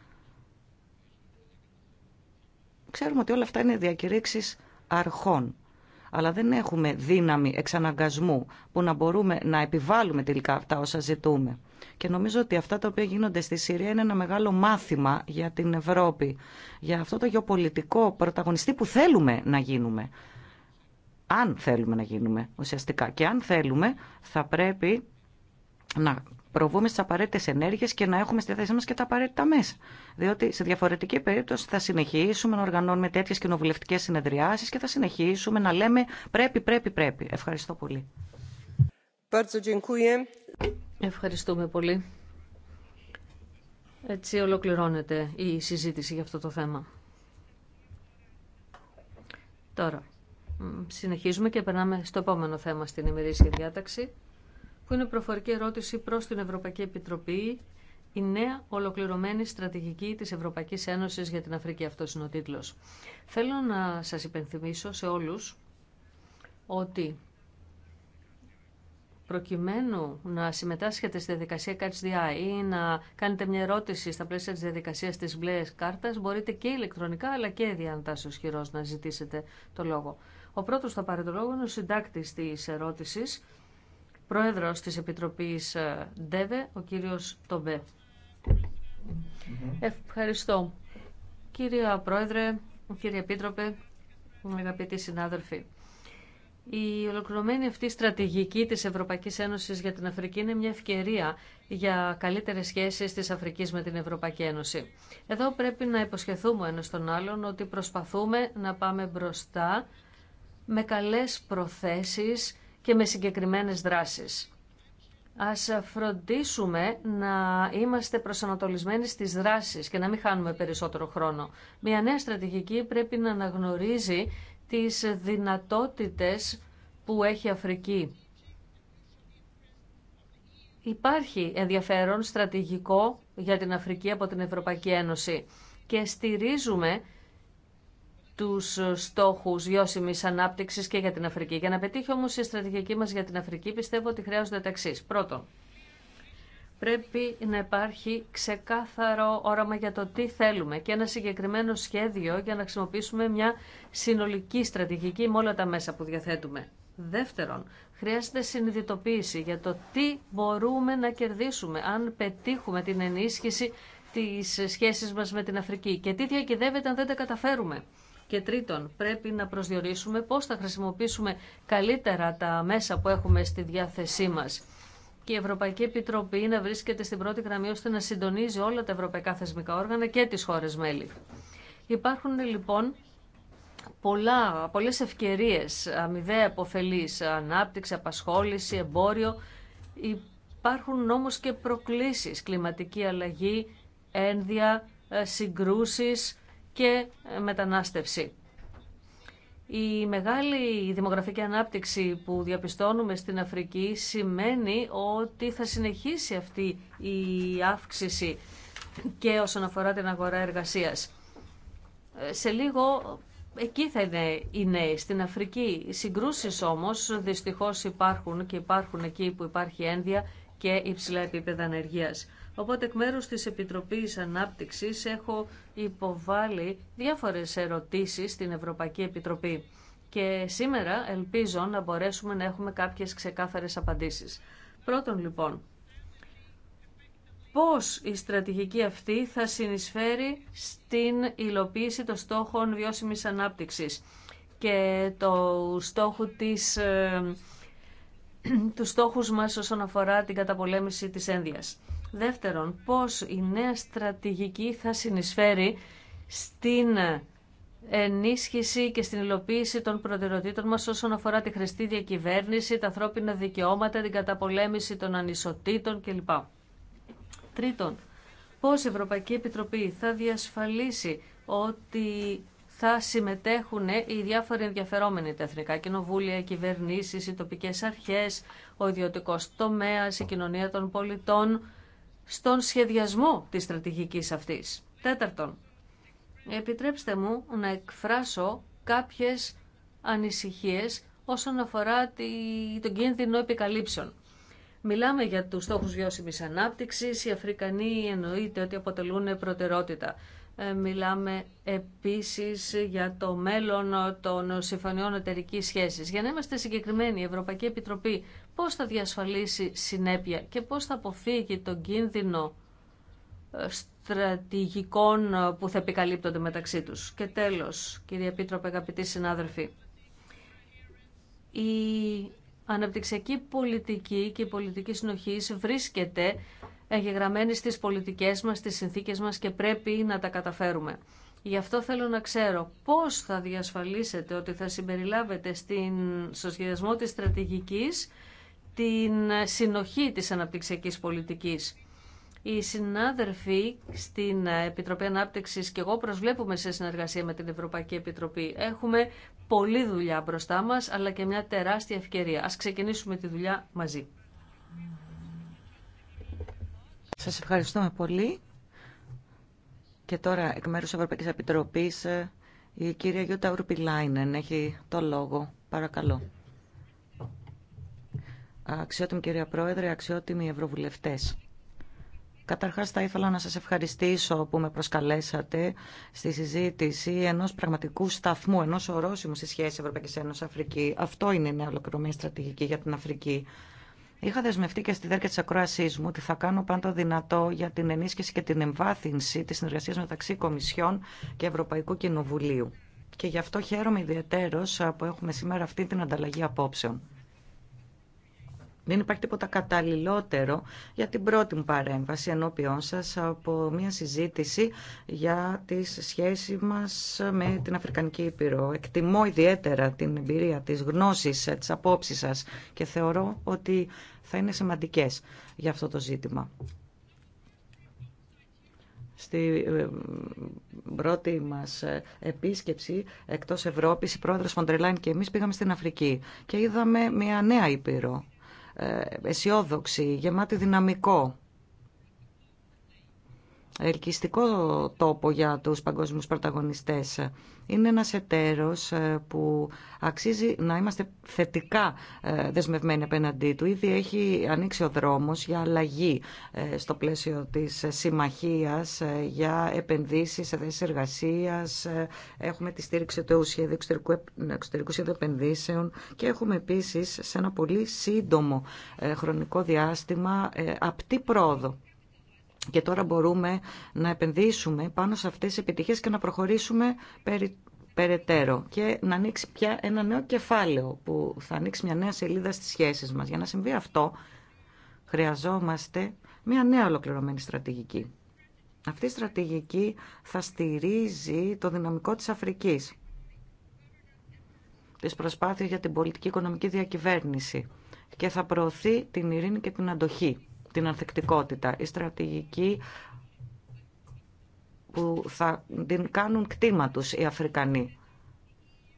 Ξέρουμε ότι όλα αυτά είναι διακηρύξεις αρχών αλλά δεν έχουμε δύναμη εξαναγκασμού που να μπορούμε να επιβάλλουμε τελικά αυτά όσα ζητούμε. Και νομίζω ότι αυτά τα οποία γίνονται στη Συρία είναι ένα μεγάλο μάθημα για την Ευρώπη, για αυτό το γεωπολιτικό πρωταγωνιστή που θέλουμε να γίνουμε. Αν θέλουμε να γίνουμε ουσιαστικά και αν θέλουμε θα πρέπει να προβούμε στι απαραίτητε ενέργειες και να έχουμε στη θέση μα και τα απαραίτητα μέσα. Διότι σε διαφορετική περίπτωση θα συνεχίσουμε να οργανώνουμε τέτοιε κοινοβουλευτικέ συνεδριάσει και θα συνεχίσουμε να λέμε πρέπει, πρέπει, πρέπει. Ευχαριστώ πολύ. Ευχαριστούμε πολύ. Έτσι ολοκληρώνεται η συζήτηση για αυτό το θέμα. Τώρα, συνεχίζουμε και περνάμε στο επόμενο θέμα στην ημερήσια διάταξη που είναι προφορική ερώτηση προς την Ευρωπαϊκή Επιτροπή η νέα ολοκληρωμένη στρατηγική της Ευρωπαϊκής Ένωσης για την Αφρική. Αυτό είναι ο τίτλος. Θέλω να σας υπενθυμίσω σε όλους ότι προκειμένου να συμμετάσχετε στη διαδικασία Cards ή να κάνετε μια ερώτηση στα πλαίσια της διαδικασίας της μπλε κάρτας, μπορείτε και ηλεκτρονικά αλλά και διαντάσσεω χειρός να ζητήσετε το λόγο. Ο πρώτος θα πάρει το λόγο είναι ο συντάκτης της ερώτησης, πρόεδρος της Επιτροπής ε, ΔΕΒΕ, ο κύριος Τομπέ. Ευχαριστώ. Κύριε Πρόεδρε, κύριε Επίτροπε, αγαπητοί συνάδελφοι. Η ολοκληρωμένη αυτή στρατηγική της Ευρωπαϊκής Ένωσης για την Αφρική είναι μια ευκαιρία για καλύτερες σχέσεις της Αφρικής με την Ευρωπαϊκή Ένωση. Εδώ πρέπει να υποσχεθούμε ένα τον άλλον ότι προσπαθούμε να πάμε μπροστά με καλές προθέσεις και με συγκεκριμένες δράσεις. Ας φροντίσουμε να είμαστε προσανατολισμένοι στις δράσεις και να μην χάνουμε περισσότερο χρόνο. Μια νέα στρατηγική πρέπει να αναγνωρίζει τις δυνατότητες που έχει Αφρική. Υπάρχει ενδιαφέρον στρατηγικό για την Αφρική από την Ευρωπαϊκή Ένωση και στηρίζουμε τους ε, στόχους βιώσιμης ανάπτυξης και για την Αφρική. Για να πετύχει όμως η στρατηγική μας για την Αφρική πιστεύω ότι χρειάζονται τα Πρώτον, πρέπει να υπάρχει ξεκάθαρο όραμα για το τι θέλουμε και ένα συγκεκριμένο σχέδιο για να χρησιμοποιήσουμε μια συνολική στρατηγική με όλα τα μέσα που διαθέτουμε. Δεύτερον, χρειάζεται συνειδητοποίηση για το τι μπορούμε να κερδίσουμε αν πετύχουμε την ενίσχυση τις σχέσεις μας με την Αφρική και τι διακυδεύεται αν δεν τα καταφέρουμε. Και τρίτον, πρέπει να προσδιορίσουμε πώς θα χρησιμοποιήσουμε καλύτερα τα μέσα που έχουμε στη διάθεσή μας. Και η Ευρωπαϊκή Επιτροπή να βρίσκεται στην πρώτη γραμμή ώστε να συντονίζει όλα τα ευρωπαϊκά θεσμικά όργανα και τις χώρες μέλη. Υπάρχουν λοιπόν πολλά, πολλές ευκαιρίες, αμοιβαία εποφελής, ανάπτυξη, απασχόληση, εμπόριο. Υπάρχουν όμως και προκλήσεις, κλιματική αλλαγή, ένδια, ε, συγκρούσεις, και μετανάστευση. Η μεγάλη δημογραφική ανάπτυξη που διαπιστώνουμε στην Αφρική σημαίνει ότι θα συνεχίσει αυτή η αύξηση και όσον αφορά την αγορά εργασίας. Σε λίγο εκεί θα είναι οι νέοι, στην Αφρική. Οι συγκρούσεις όμως δυστυχώς υπάρχουν και υπάρχουν εκεί που υπάρχει ένδια και υψηλά επίπεδα ανεργίας. Οπότε εκ μέρους της Επιτροπής Ανάπτυξης έχω υποβάλει διάφορες ερωτήσεις στην Ευρωπαϊκή Επιτροπή και σήμερα ελπίζω να μπορέσουμε να έχουμε κάποιες ξεκάθαρες απαντήσεις. Πρώτον λοιπόν, πώς η στρατηγική αυτή θα συνεισφέρει στην υλοποίηση των στόχων βιώσιμης ανάπτυξης και το στόχου της, ε, *clears throat* στόχους μας όσον αφορά την καταπολέμηση της ένδυας. Δεύτερον, πώς η νέα στρατηγική θα συνεισφέρει στην ενίσχυση και στην υλοποίηση των προτεραιοτήτων μας όσον αφορά τη χρηστή διακυβέρνηση, τα ανθρώπινα δικαιώματα, την καταπολέμηση των ανισοτήτων κλπ. Τρίτον, πώς η Ευρωπαϊκή Επιτροπή θα διασφαλίσει ότι θα συμμετέχουν οι διάφοροι ενδιαφερόμενοι, τα εθνικά κοινοβούλια, οι κυβερνήσεις, οι τοπικές αρχές, ο ιδιωτικός τομέας, η κοινωνία των πολιτών, στον σχεδιασμό της στρατηγικής αυτής. Τέταρτον, επιτρέψτε μου να εκφράσω κάποιες ανησυχίες όσον αφορά τον κίνδυνο επικαλύψεων. Μιλάμε για τους στόχους βιώσιμης ανάπτυξης, οι Αφρικανοί εννοείται ότι αποτελούν προτερότητα. Ε, μιλάμε επίσης για το μέλλον των συμφωνιών εταιρικής σχέσης. Για να είμαστε συγκεκριμένοι, η Ευρωπαϊκή Επιτροπή πώς θα διασφαλίσει συνέπεια και πώς θα αποφύγει τον κίνδυνο ε, στρατηγικών ε, που θα επικαλύπτονται μεταξύ τους. Και τέλος, κύριε Επίτροπε, αγαπητοί συνάδελφοι, η αναπτυξιακή πολιτική και η πολιτική συνοχής βρίσκεται εγγεγραμμένη στις πολιτικές μας, στις συνθήκες μας και πρέπει να τα καταφέρουμε. Γι' αυτό θέλω να ξέρω πώς θα διασφαλίσετε ότι θα συμπεριλάβετε στην, στο σχεδιασμό της στρατηγικής την συνοχή της αναπτυξιακής πολιτικής. Οι συνάδελφοι στην Επιτροπή Ανάπτυξη και εγώ προσβλέπουμε σε συνεργασία με την Ευρωπαϊκή Επιτροπή. Έχουμε πολλή δουλειά μπροστά μα, αλλά και μια τεράστια ευκαιρία. Α ξεκινήσουμε τη δουλειά μαζί. Σα ευχαριστούμε πολύ. Και τώρα, εκ μέρου τη Ευρωπαϊκή Επιτροπή, η κυρία Γιούτα Ουρπιλάινεν έχει το λόγο. Παρακαλώ. Αξιότιμη κυρία Πρόεδρε, αξιότιμοι Ευρωβουλευτές. Καταρχάς θα ήθελα να σας ευχαριστήσω που με προσκαλέσατε στη συζήτηση ενός πραγματικού σταθμού, ενός ορόσημου στη σχέση Ευρωπαϊκής Ένωσης Αφρική. Αυτό είναι η νέα ολοκληρωμένη στρατηγική για την Αφρική. Είχα δεσμευτεί και στη διάρκεια τη ακρόασή μου ότι θα κάνω πάντα δυνατό για την ενίσχυση και την εμβάθυνση τη συνεργασία μεταξύ Κομισιών και Ευρωπαϊκού Κοινοβουλίου. Και γι' αυτό χαίρομαι ιδιαίτερω που έχουμε σήμερα αυτή την ανταλλαγή απόψεων. Δεν υπάρχει τίποτα καταλληλότερο για την πρώτη μου παρέμβαση ενώπιόν σας από μια συζήτηση για τη σχέση μας με την Αφρικανική Ήπειρο. Εκτιμώ ιδιαίτερα την εμπειρία της γνώσης, ε, της απόψης σας και θεωρώ ότι θα είναι σημαντικές για αυτό το ζήτημα. Στη ε, πρώτη μας ε, επίσκεψη εκτός Ευρώπης, η πρόεδρος Φοντρελάν και εμείς πήγαμε στην Αφρική και είδαμε μια νέα Ήπειρο ε, αισιόδοξη, γεμάτη δυναμικό ελκυστικό τόπο για τους παγκόσμιους πρωταγωνιστές. Είναι ένας εταίρος ε, που αξίζει να είμαστε θετικά ε, δεσμευμένοι απέναντί του. Ήδη έχει ανοίξει ο δρόμος για αλλαγή ε, στο πλαίσιο της συμμαχίας, για επενδύσεις σε θέσεις εργασίας. Έχουμε τη στήριξη του σχέδιου εξωτερικού, εξωτερικού σχέδιου επενδύσεων και έχουμε επίσης σε ένα πολύ σύντομο χρονικό διάστημα απτή πρόοδο και τώρα μπορούμε να επενδύσουμε πάνω σε αυτές τις επιτυχίες και να προχωρήσουμε περί περαιτέρω και να ανοίξει πια ένα νέο κεφάλαιο που θα ανοίξει μια νέα σελίδα στις σχέσεις μας. Για να συμβεί αυτό χρειαζόμαστε μια νέα ολοκληρωμένη στρατηγική. Αυτή η στρατηγική θα στηρίζει το δυναμικό της Αφρικής, τις προσπάθειες για την πολιτική οικονομική διακυβέρνηση και θα προωθεί την ειρήνη και την αντοχή την ανθεκτικότητα. Η στρατηγική που θα την κάνουν κτήμα τους οι Αφρικανοί.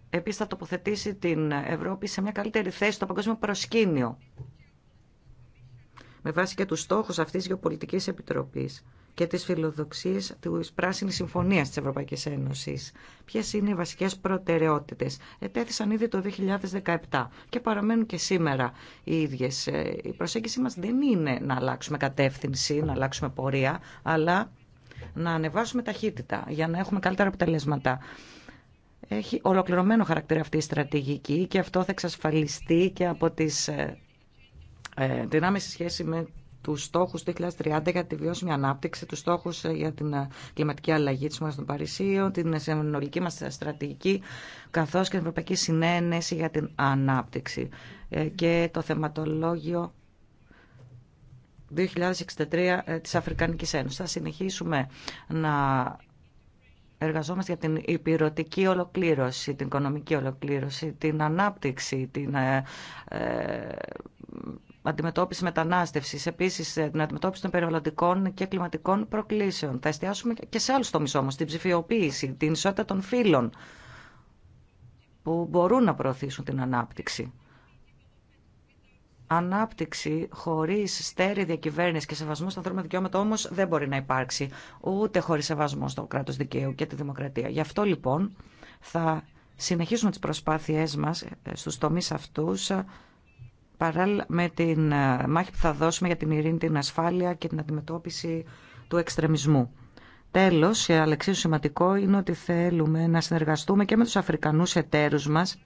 Επίσης θα τοποθετήσει την Ευρώπη σε μια καλύτερη θέση στο παγκόσμιο προσκήνιο με βάση και τους στόχους αυτής της Γεωπολιτικής Επιτροπής και τις φιλοδοξίες της Πράσινης Συμφωνίας της Ευρωπαϊκής Ένωσης. Ποιες είναι οι βασικές προτεραιότητες. Ετέθησαν ήδη το 2017 και παραμένουν και σήμερα οι ίδιες. Ε, η προσέγγιση μας δεν είναι να αλλάξουμε κατεύθυνση, να αλλάξουμε πορεία, αλλά να ανεβάσουμε ταχύτητα για να έχουμε καλύτερα αποτελέσματα. Έχει ολοκληρωμένο χαρακτήρα αυτή η στρατηγική και αυτό θα εξασφαλιστεί και από τις την ε, ε, άμεση σχέση με του στόχου του 2030 για τη βιώσιμη ανάπτυξη, του στόχου ε, για την ε, κλιματική αλλαγή τη Μόνα των Παρισίων, την συνολική μα στρατηγική, καθώ και την Ευρωπαϊκή Συνένεση για την Ανάπτυξη ε, και το θεματολόγιο 2063 της Αφρικανικής Ένωσης. Θα συνεχίσουμε να εργαζόμαστε για την υπηρετική ολοκλήρωση, την οικονομική ολοκλήρωση, την ανάπτυξη, την αντιμετώπιση μετανάστευση, επίση ε, την αντιμετώπιση των περιβαλλοντικών και κλιματικών προκλήσεων. Θα εστιάσουμε και σε άλλου τομεί όμω, την ψηφιοποίηση, την ισότητα των φύλων, που μπορούν να προωθήσουν την ανάπτυξη. Ανάπτυξη χωρί στέρη διακυβέρνηση και σεβασμό στα ανθρώπινα δικαιώματα όμω δεν μπορεί να υπάρξει, ούτε χωρί σεβασμό στο κράτο δικαίου και τη δημοκρατία. Γι' αυτό λοιπόν θα συνεχίσουμε τι προσπάθειέ μα ε, στου τομεί αυτού παράλληλα με την ε, μάχη που θα δώσουμε για την ειρήνη, την ασφάλεια και την αντιμετώπιση του εξτρεμισμού. Τέλος, αλλά εξίσου σημαντικό είναι ότι θέλουμε να συνεργαστούμε και με του Αφρικανούς εταίρου μας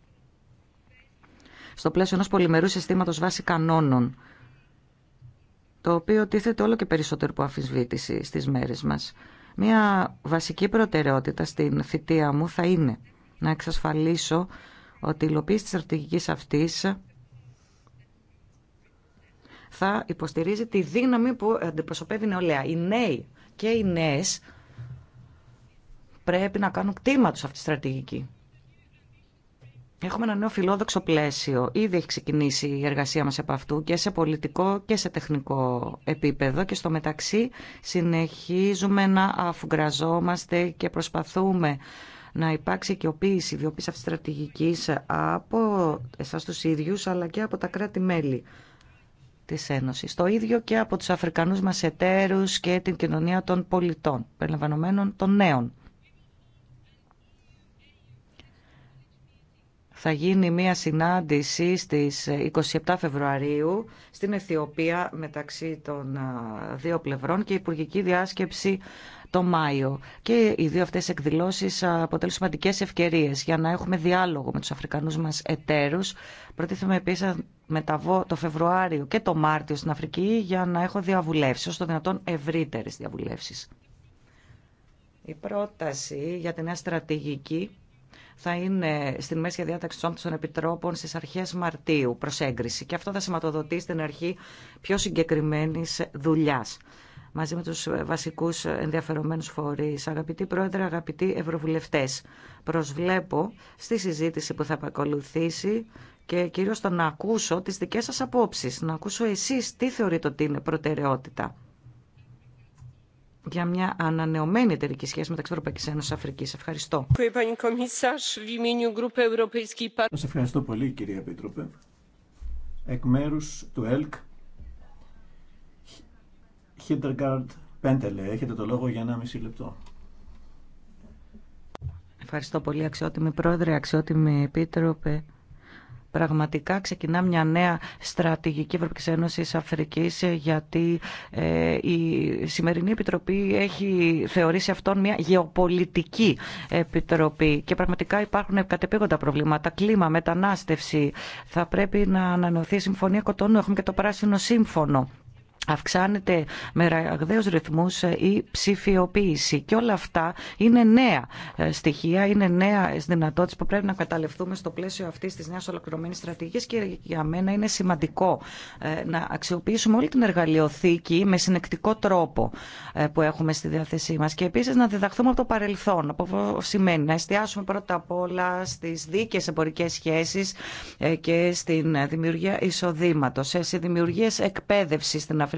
στο πλαίσιο ενό πολυμερού συστήματο βάση κανόνων, το οποίο τίθεται όλο και περισσότερο από αφισβήτηση στις μέρες μας. Μια βασική προτεραιότητα στην θητεία μου θα είναι να εξασφαλίσω ότι η υλοποίηση της στρατηγικής αυτής θα υποστηρίζει τη δύναμη που αντιπροσωπεύει η νεολαία. Οι νέοι και οι νέε πρέπει να κάνουν κτήμα του αυτή τη στρατηγική. Έχουμε ένα νέο φιλόδοξο πλαίσιο. Ήδη έχει ξεκινήσει η εργασία μας από αυτού και σε πολιτικό και σε τεχνικό επίπεδο και στο μεταξύ συνεχίζουμε να αφουγκραζόμαστε και προσπαθούμε να υπάρξει οικειοποίηση, βιοποίηση αυτή της στρατηγικής από εσάς τους ίδιους αλλά και από τα κράτη-μέλη της Ένωσης. Το ίδιο και από τους Αφρικανούς μας εταίρους και την κοινωνία των πολιτών, περιλαμβανομένων των νέων. θα γίνει μια συνάντηση στις 27 ε, Φεβρουαρίου στην Αιθιοπία μεταξύ των ε, δύο πλευρών και η Υπουργική Διάσκεψη το Μάιο. Και οι δύο αυτές εκδηλώσει αποτελούν σημαντικέ ευκαιρίε για να έχουμε διάλογο με του Αφρικανού μα εταίρου. Προτίθεμαι επίση να μεταβώ το Φεβρουάριο και το Μάρτιο στην Αφρική για να έχω διαβουλεύσεις, όσο δυνατόν ευρύτερε διαβουλεύσεις. Η πρόταση για τη νέα στρατηγική θα είναι στην μέση διάταξη των των επιτρόπων στις αρχές Μαρτίου προς έγκριση και αυτό θα σηματοδοτεί στην αρχή πιο συγκεκριμένης δουλειάς μαζί με τους ε, βασικούς ε, ενδιαφερομένους φορείς. Αγαπητοί Πρόεδρε, αγαπητοί Ευρωβουλευτές, προσβλέπω στη συζήτηση που θα ακολουθήσει και κυρίως το να ακούσω τις δικές σας απόψεις, να ακούσω εσείς τι θεωρείτε ότι είναι προτεραιότητα για μια ανανεωμένη εταιρική σχέση μεταξύ Ευρωπαϊκή Ένωση και Αφρική. Ευχαριστώ. Σα ευχαριστώ πολύ, κυρία Επίτροπε. Εκ μέρου του ΕΛΚ, Χίντεργαρντ Πέντελε, έχετε το λόγο για ένα μισή λεπτό. Ευχαριστώ πολύ αξιότιμη πρόεδρε, αξιότιμη επίτροπε. Πραγματικά ξεκινά μια νέα στρατηγική Ευρωπαϊκή Ένωση Αφρική, γιατί ε, η σημερινή επιτροπή έχει θεωρήσει αυτόν μια γεωπολιτική επιτροπή και πραγματικά υπάρχουν κατεπήγοντα προβλήματα. Κλίμα, μετανάστευση. Θα πρέπει να ανανεωθεί η Συμφωνία Κοτονού. Έχουμε και το Πράσινο Σύμφωνο Αυξάνεται με ραγδαίους ρυθμούς ε, η ψηφιοποίηση και όλα αυτά είναι νέα ε, στοιχεία, είναι νέα δυνατότητες που πρέπει να καταλευθούμε στο πλαίσιο αυτής της νέας ολοκληρωμένης στρατηγικής και για μένα είναι σημαντικό ε, να αξιοποιήσουμε όλη την εργαλειοθήκη με συνεκτικό τρόπο που έχουμε στη διάθεσή μας και επίσης να διδαχθούμε από το παρελθόν, από αυτό σημαίνει να εστιάσουμε πρώτα απ' όλα στις δίκαιες εμπορικές σχέσεις και στην δημιουργία εισοδήματος, σε δημιουργίες εκπαίδευση στην Αφρική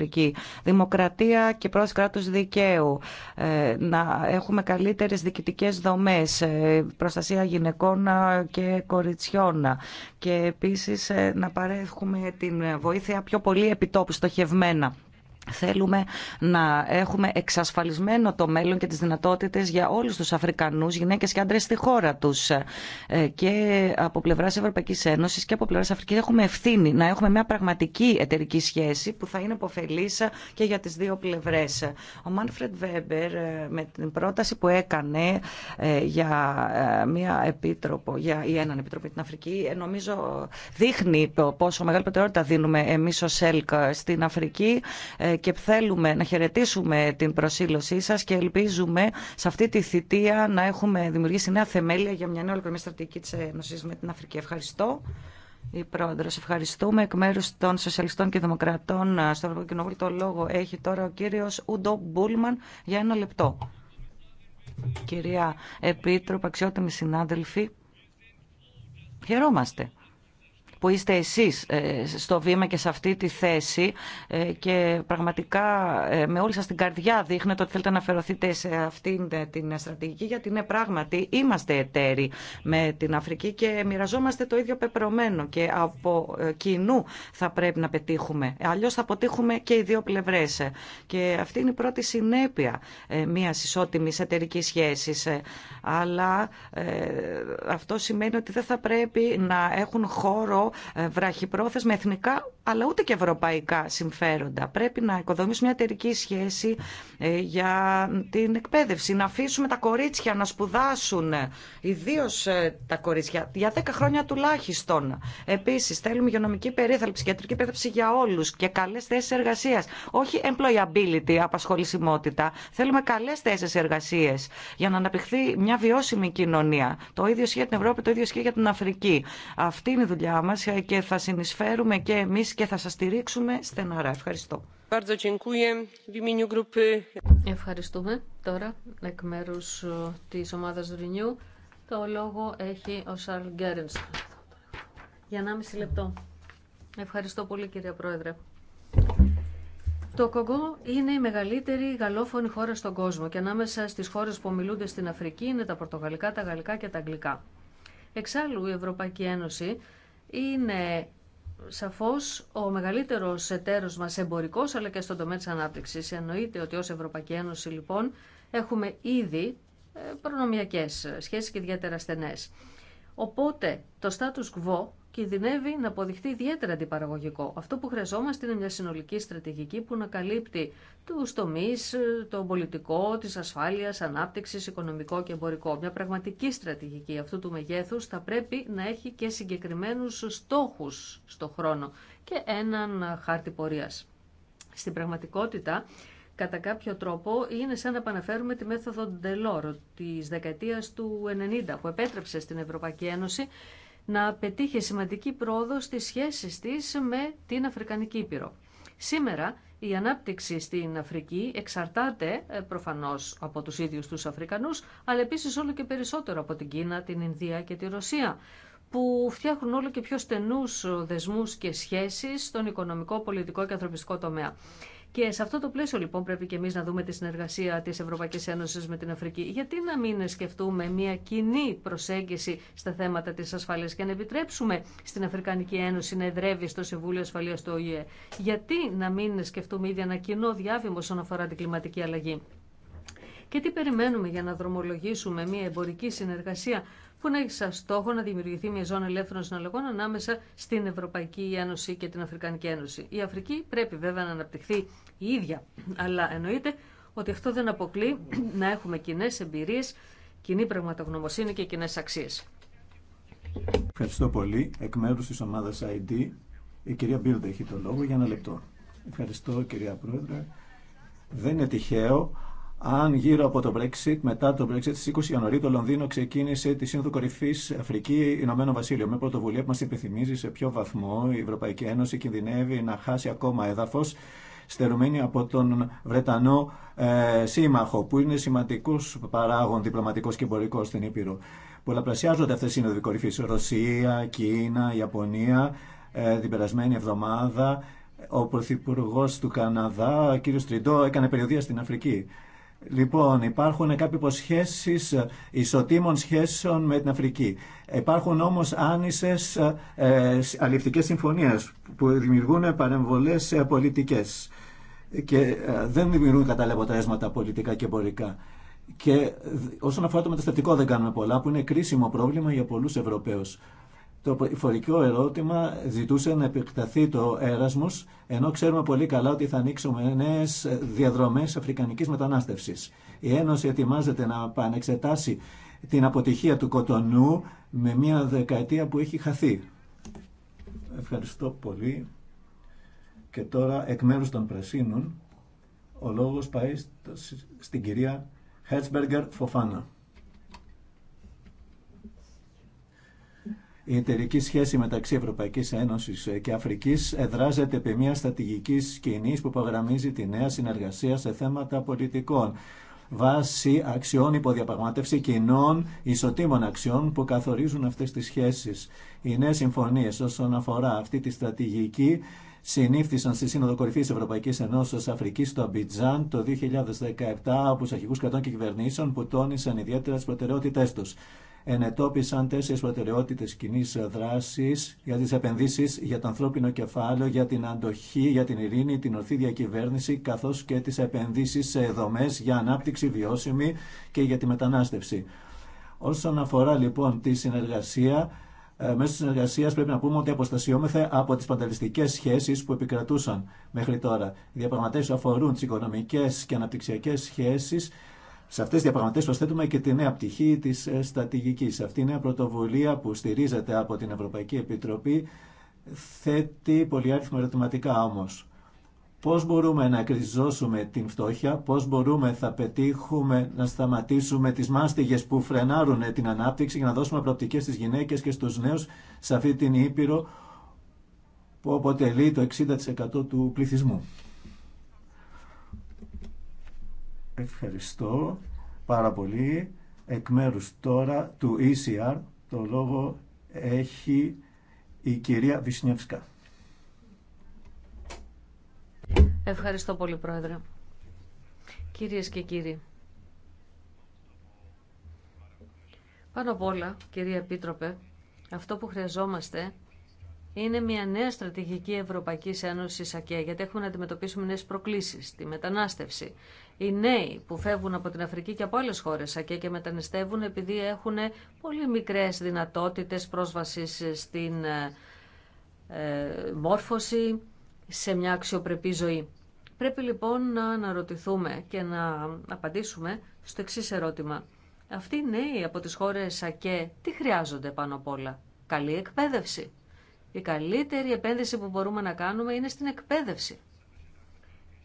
Δημοκρατία και πρόσφυγη κράτους δικαίου. Ε, να έχουμε καλύτερες διοικητικές δομές, ε, προστασία γυναικών ε, και κοριτσιών. Και επίσης να παρέχουμε την βοήθεια πιο πολύ επιτόπου στοχευμένα. Θέλουμε να έχουμε εξασφαλισμένο το μέλλον και τις δυνατότητες για όλους τους Αφρικανούς, γυναίκες και άντρες στη χώρα τους. Ε, και από πλευράς Ευρωπαϊκής Ένωσης και από πλευράς Αφρικής έχουμε ευθύνη να έχουμε μια πραγματική εταιρική σχέση που θα είναι υποφελής και για τις δύο πλευρές. Ο Μάνφρεντ Βέμπερ ε, με την πρόταση που έκανε ε, για μια επίτροπο, για έναν την Αφρική, νομίζω δείχνει πόσο μεγάλη προτεραιότητα δίνουμε εμείς ως ΕΛΚ στην Αφρική και θέλουμε να χαιρετήσουμε την προσήλωσή σας και ελπίζουμε σε αυτή τη θητεία να έχουμε δημιουργήσει νέα θεμέλια για μια νέα ολοκληρωμένη στρατηγική της Ένωσης με την Αφρική. Ευχαριστώ. Η πρόεδρος, ευχαριστούμε εκ μέρου των Σοσιαλιστών και Δημοκρατών ε, στο Ευρωπαϊκό Κοινοβούλιο. Το λόγο έχει τώρα ο κύριος Ούντο Μπούλμαν για ένα λεπτό. Κυρία Επίτροπα, αξιότιμοι συνάδελφοι, χαιρόμαστε που είστε εσείς ε, στο βήμα και σε αυτή τη θέση ε, και πραγματικά ε, με όλη σας την καρδιά δείχνετε ότι θέλετε να αφαιρωθείτε σε αυτήν την στρατηγική γιατί είναι πράγματι είμαστε εταίροι με την Αφρική και μοιραζόμαστε το ίδιο πεπρωμένο και από κοινού θα πρέπει να πετύχουμε. Αλλιώς θα αποτύχουμε και οι δύο πλευρές. Και αυτή είναι η πρώτη συνέπεια μια ισότιμης εταιρικής σχέσης. Αλλά αυτό σημαίνει ότι δεν θα πρέπει να έχουν χώρο ε, βραχυπρόθεσμα εθνικά αλλά ούτε και ευρωπαϊκά συμφέροντα. Πρέπει να οικοδομήσουμε μια εταιρική σχέση ε, για την εκπαίδευση, να αφήσουμε τα κορίτσια να σπουδάσουν, ε, ιδίω τα κορίτσια, για 10 χρόνια τουλάχιστον. Επίση, θέλουμε υγειονομική περίθαλψη, κεντρική περίθαλψη για όλου και καλέ θέσει εργασία. Όχι employability, απασχολησιμότητα. Θέλουμε καλέ θέσει εργασία για να αναπτυχθεί μια βιώσιμη κοινωνία. Το ίδιο ισχύει για την Ευρώπη, το ίδιο ισχύει για την Αφρική. Αυτή είναι η δουλειά μα ε, και θα συνεισφέρουμε και εμείς και θα σας στηρίξουμε στεναρά. Ευχαριστώ. Ευχαριστούμε τώρα εκ μέρου ε, τη ομάδα Ρινιού. Το λόγο έχει ο Σαρλ Γκέρενς. Για 1,5 λεπτό. Ευχαριστώ πολύ κύριε Πρόεδρε. Το Κογκό είναι η μεγαλύτερη γαλλόφωνη χώρα στον κόσμο και ανάμεσα στις χώρες που μιλούνται στην Αφρική είναι τα πορτογαλικά, τα γαλλικά και τα αγγλικά. Εξάλλου η Ευρωπαϊκή Ένωση είναι σαφώς ο μεγαλύτερος εταίρος μας εμπορικός αλλά και στον τομέα της ανάπτυξης. Εννοείται ότι ως Ευρωπαϊκή Ένωση λοιπόν έχουμε ήδη ε, προνομιακές ε, σχέσεις και ιδιαίτερα στενές. Οπότε το status quo κινδυνεύει να αποδειχτεί ιδιαίτερα αντιπαραγωγικό. Αυτό που χρειαζόμαστε είναι μια συνολική στρατηγική που να καλύπτει του τομεί, ε, το πολιτικό, τη ασφάλεια, ανάπτυξη, οικονομικό και εμπορικό. Μια πραγματική στρατηγική αυτού του μεγέθου θα πρέπει να έχει και συγκεκριμένου στόχου στον χρόνο και έναν χάρτη πορεία. Στην πραγματικότητα, κατά κάποιο τρόπο είναι σαν να επαναφέρουμε τη μέθοδο Ντελόρο της δεκαετίας του 90 που επέτρεψε στην Ευρωπαϊκή Ένωση να πετύχει σημαντική πρόοδο στις σχέσεις της με την Αφρικανική Ήπειρο. Σήμερα η ανάπτυξη στην Αφρική εξαρτάται ε, προφανώς από τους ίδιους τους Αφρικανούς, αλλά επίσης όλο και περισσότερο από την Κίνα, την Ινδία και τη Ρωσία, που φτιάχνουν όλο και πιο στενούς ε, δεσμούς και σχέσεις στον οικονομικό, πολιτικό και ανθρωπιστικό τομέα. Και σε αυτό το πλαίσιο λοιπόν πρέπει και εμείς να δούμε τη συνεργασία της Ευρωπαϊκή Ένωσης με την Αφρική. Γιατί να μην σκεφτούμε μια κοινή προσέγγιση στα θέματα της ασφάλειας και να επιτρέψουμε στην Αφρικανική Ένωση να εδρεύει στο Συμβούλιο ασφαλεία του ΟΗΕ. Γιατί να μην σκεφτούμε ήδη ένα κοινό διάβημα όσον αφορά την κλιματική αλλαγή και τι περιμένουμε για να δρομολογήσουμε μια εμπορική συνεργασία που να έχει σαν στόχο να δημιουργηθεί μια ζώνη ελεύθερων συναλλαγών ανάμεσα στην Ευρωπαϊκή Ένωση και την Αφρικανική Ένωση. Η Αφρική πρέπει βέβαια να αναπτυχθεί η ίδια, αλλά εννοείται ότι αυτό δεν αποκλεί να έχουμε κοινέ εμπειρίε, κοινή πραγματογνωμοσύνη και κοινέ αξίε. Ευχαριστώ πολύ. Εκ μέρου τη ομάδα ID, η κυρία Μπίλντε έχει το λόγο για ένα λεπτό. Ευχαριστώ κυρία Πρόεδρε. Δεν είναι τυχαίο αν γύρω από το Brexit, μετά το Brexit στις 20 Ιανουαρίου, το Λονδίνο ξεκίνησε τη Σύνοδο Κορυφή Αφρική Ηνωμένο Βασίλειο. Με πρωτοβουλία που μα υπενθυμίζει σε ποιο βαθμό η Ευρωπαϊκή Ένωση κινδυνεύει να χάσει ακόμα έδαφο στερουμένη από τον Βρετανό ε, σύμμαχο, που είναι σημαντικό παράγον διπλωματικό και εμπορικό στην Ήπειρο. Πολλαπλασιάζονται αυτέ οι σύνοδοι κορυφή. Ρωσία, Κίνα, Ιαπωνία. Ε, την περασμένη εβδομάδα ο Πρωθυπουργό του Καναδά, ο κ. Τριντό, έκανε περιοδία στην Αφρική. Λοιπόν, υπάρχουν κάποιες υποσχέσεις ε, ισοτήμων σχέσεων με την Αφρική. Υπάρχουν όμως άνισες ε, αληφτικές συμφωνίες που δημιουργούν παρεμβολές ε, πολιτικές και δεν δημιουργούν κατάλληλα αποτελέσματα πολιτικά και εμπορικά. Και όσον αφορά το μεταστατικό δεν κάνουμε πολλά που είναι κρίσιμο πρόβλημα για πολλούς Ευρωπαίους. Το φορικό ερώτημα ζητούσε να επεκταθεί το έρασμος, ενώ ξέρουμε πολύ καλά ότι θα ανοίξουμε νέες διαδρομές αφρικανικής μετανάστευσης. Η Ένωση ετοιμάζεται να επανεξετάσει την αποτυχία του Κοτονού με μια δεκαετία που έχει χαθεί. Ευχαριστώ πολύ. Και τώρα εκ μέρους των Πρασίνων ο λόγος πάει στην κυρία Χετσμπέργκερ Φοφάνα. Η εταιρική σχέση μεταξύ Ευρωπαϊκή Ένωση και Αφρική εδράζεται επί μια στρατηγική κοινή που παγραμμίζει τη νέα συνεργασία σε θέματα πολιτικών βάσει αξιών υποδιαπραγμάτευση κοινών ισοτήμων αξιών που καθορίζουν αυτέ τι σχέσει. Οι νέε συμφωνίε όσον αφορά αυτή τη στρατηγική συνήφθησαν στη Σύνοδο Κορυφή Ευρωπαϊκή Ενώση, Αφρική στο Αμπιτζάν το 2017 από του αρχηγού κρατών και κυβερνήσεων που τόνισαν ιδιαίτερα τι προτεραιότητέ του ενετόπισαν τέσσερι προτεραιότητε κοινή δράση για τι επενδύσει, για το ανθρώπινο κεφάλαιο, για την αντοχή, για την ειρήνη, την ορθή διακυβέρνηση, καθώ και τι επενδύσει σε δομέ για ανάπτυξη βιώσιμη και για τη μετανάστευση. Όσον αφορά λοιπόν τη συνεργασία, ε, μέσω τη συνεργασία πρέπει να πούμε ότι αποστασιόμεθα από τι πανταλιστικέ σχέσει που επικρατούσαν μέχρι τώρα. Οι διαπραγματεύσει αφορούν τι οικονομικέ και αναπτυξιακέ σχέσει σε αυτέ τι διαπραγματεύσει προσθέτουμε και τη νέα πτυχή τη ε, στρατηγική. Αυτή η νέα πρωτοβουλία που στηρίζεται από την Ευρωπαϊκή Επιτροπή θέτει πολυάριθμα ερωτηματικά όμω. Πώ μπορούμε να κρυζώσουμε την φτώχεια, πώ μπορούμε θα πετύχουμε να σταματήσουμε τι μάστιγε που φρενάρουν την ανάπτυξη για να δώσουμε προοπτικές στις γυναίκε και στους νέου σε αυτή την Ήπειρο που αποτελεί το 60% του πληθυσμού. Ευχαριστώ πάρα πολύ. Εκ μέρου τώρα του ECR το λόγο έχει η κυρία Βυσνιεύσκα. Ευχαριστώ πολύ Πρόεδρε. Κυρίες και κύριοι, πάνω απ' όλα, κυρία Επίτροπε, αυτό που χρειαζόμαστε είναι μια νέα στρατηγική Ευρωπαϊκή Ένωση ΑΚΕ, γιατί έχουμε να αντιμετωπίσουμε νέε προκλήσεις, τη μετανάστευση. Οι νέοι που φεύγουν από την Αφρική και από άλλε χώρε ΑΚΕ και μεταναστεύουν επειδή έχουν πολύ μικρέ δυνατότητε πρόσβαση στην ε, ε, μόρφωση, σε μια αξιοπρεπή ζωή. Πρέπει λοιπόν να αναρωτηθούμε και να απαντήσουμε στο εξή ερώτημα. Αυτοί οι νέοι από τις χώρες ΑΚΕ τι χρειάζονται πάνω απ' όλα. Καλή εκπαίδευση. Η καλύτερη επένδυση που μπορούμε να κάνουμε είναι στην εκπαίδευση.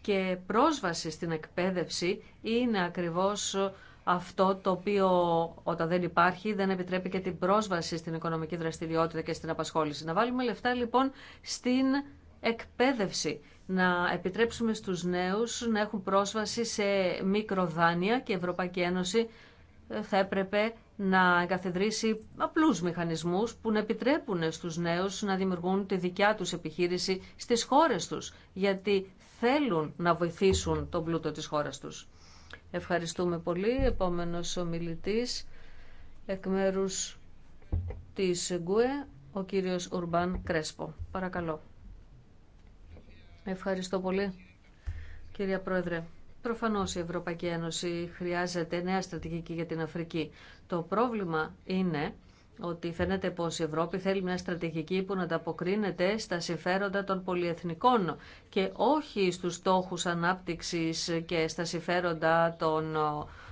Και πρόσβαση στην εκπαίδευση είναι ακριβώς αυτό το οποίο όταν δεν υπάρχει δεν επιτρέπει και την πρόσβαση στην οικονομική δραστηριότητα και στην απασχόληση. Να βάλουμε λεφτά λοιπόν στην εκπαίδευση. Να επιτρέψουμε στους νέους να έχουν πρόσβαση σε μικροδάνεια και Ευρωπαϊκή Ένωση θα έπρεπε να εγκαθιδρύσει απλούς μηχανισμούς που να επιτρέπουν στους νέους να δημιουργούν τη δικιά τους επιχείρηση στις χώρες τους, γιατί θέλουν να βοηθήσουν τον πλούτο της χώρας τους. Ευχαριστούμε πολύ. Επόμενος ομιλητής εκ μέρους της ΓΚΟΕ, ο κύριος Ουρμπάν Κρέσπο. Παρακαλώ. Ευχαριστώ πολύ, κυρία Πρόεδρε. Προφανώς η Ευρωπαϊκή Ένωση χρειάζεται νέα στρατηγική για την Αφρική. Το πρόβλημα είναι ότι φαίνεται πως η Ευρώπη θέλει μια στρατηγική που να ανταποκρίνεται στα συμφέροντα των πολιεθνικών και όχι στους στόχους ανάπτυξης και στα συμφέροντα των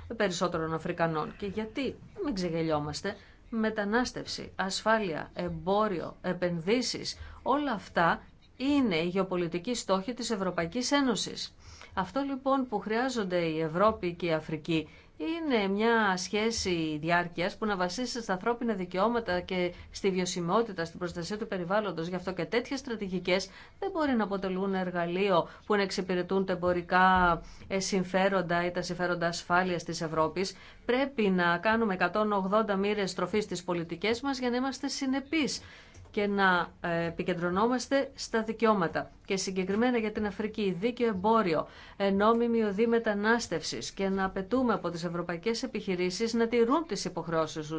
ε, περισσότερων Αφρικανών. Και γιατί, μην ξεγελιόμαστε, μετανάστευση, ασφάλεια, εμπόριο, επενδύσεις, όλα αυτά είναι οι γεωπολιτικοί στόχοι της Ευρωπαϊκής Ένωσης. Αυτό λοιπόν που χρειάζονται η Ευρώπη και η Αφρική είναι μια σχέση διάρκεια που να βασίσει στα ανθρώπινα δικαιώματα και στη βιωσιμότητα, στην προστασία του περιβάλλοντο. Γι' αυτό και τέτοιε στρατηγικέ δεν μπορεί να αποτελούν εργαλείο που να εξυπηρετούν τα εμπορικά ε, συμφέροντα ή τα συμφέροντα ασφάλεια τη Ευρώπη. Πρέπει να κάνουμε 180 μοίρε στροφή στι πολιτικέ μα για να είμαστε συνεπεί και να ε, επικεντρωνόμαστε στα δικαιώματα και συγκεκριμένα για την Αφρική δίκαιο εμπόριο, ε, νόμιμη οδή μετανάστευσης και να απαιτούμε από τις ευρωπαϊκές επιχειρήσεις να τηρούν τις υποχρεώσεις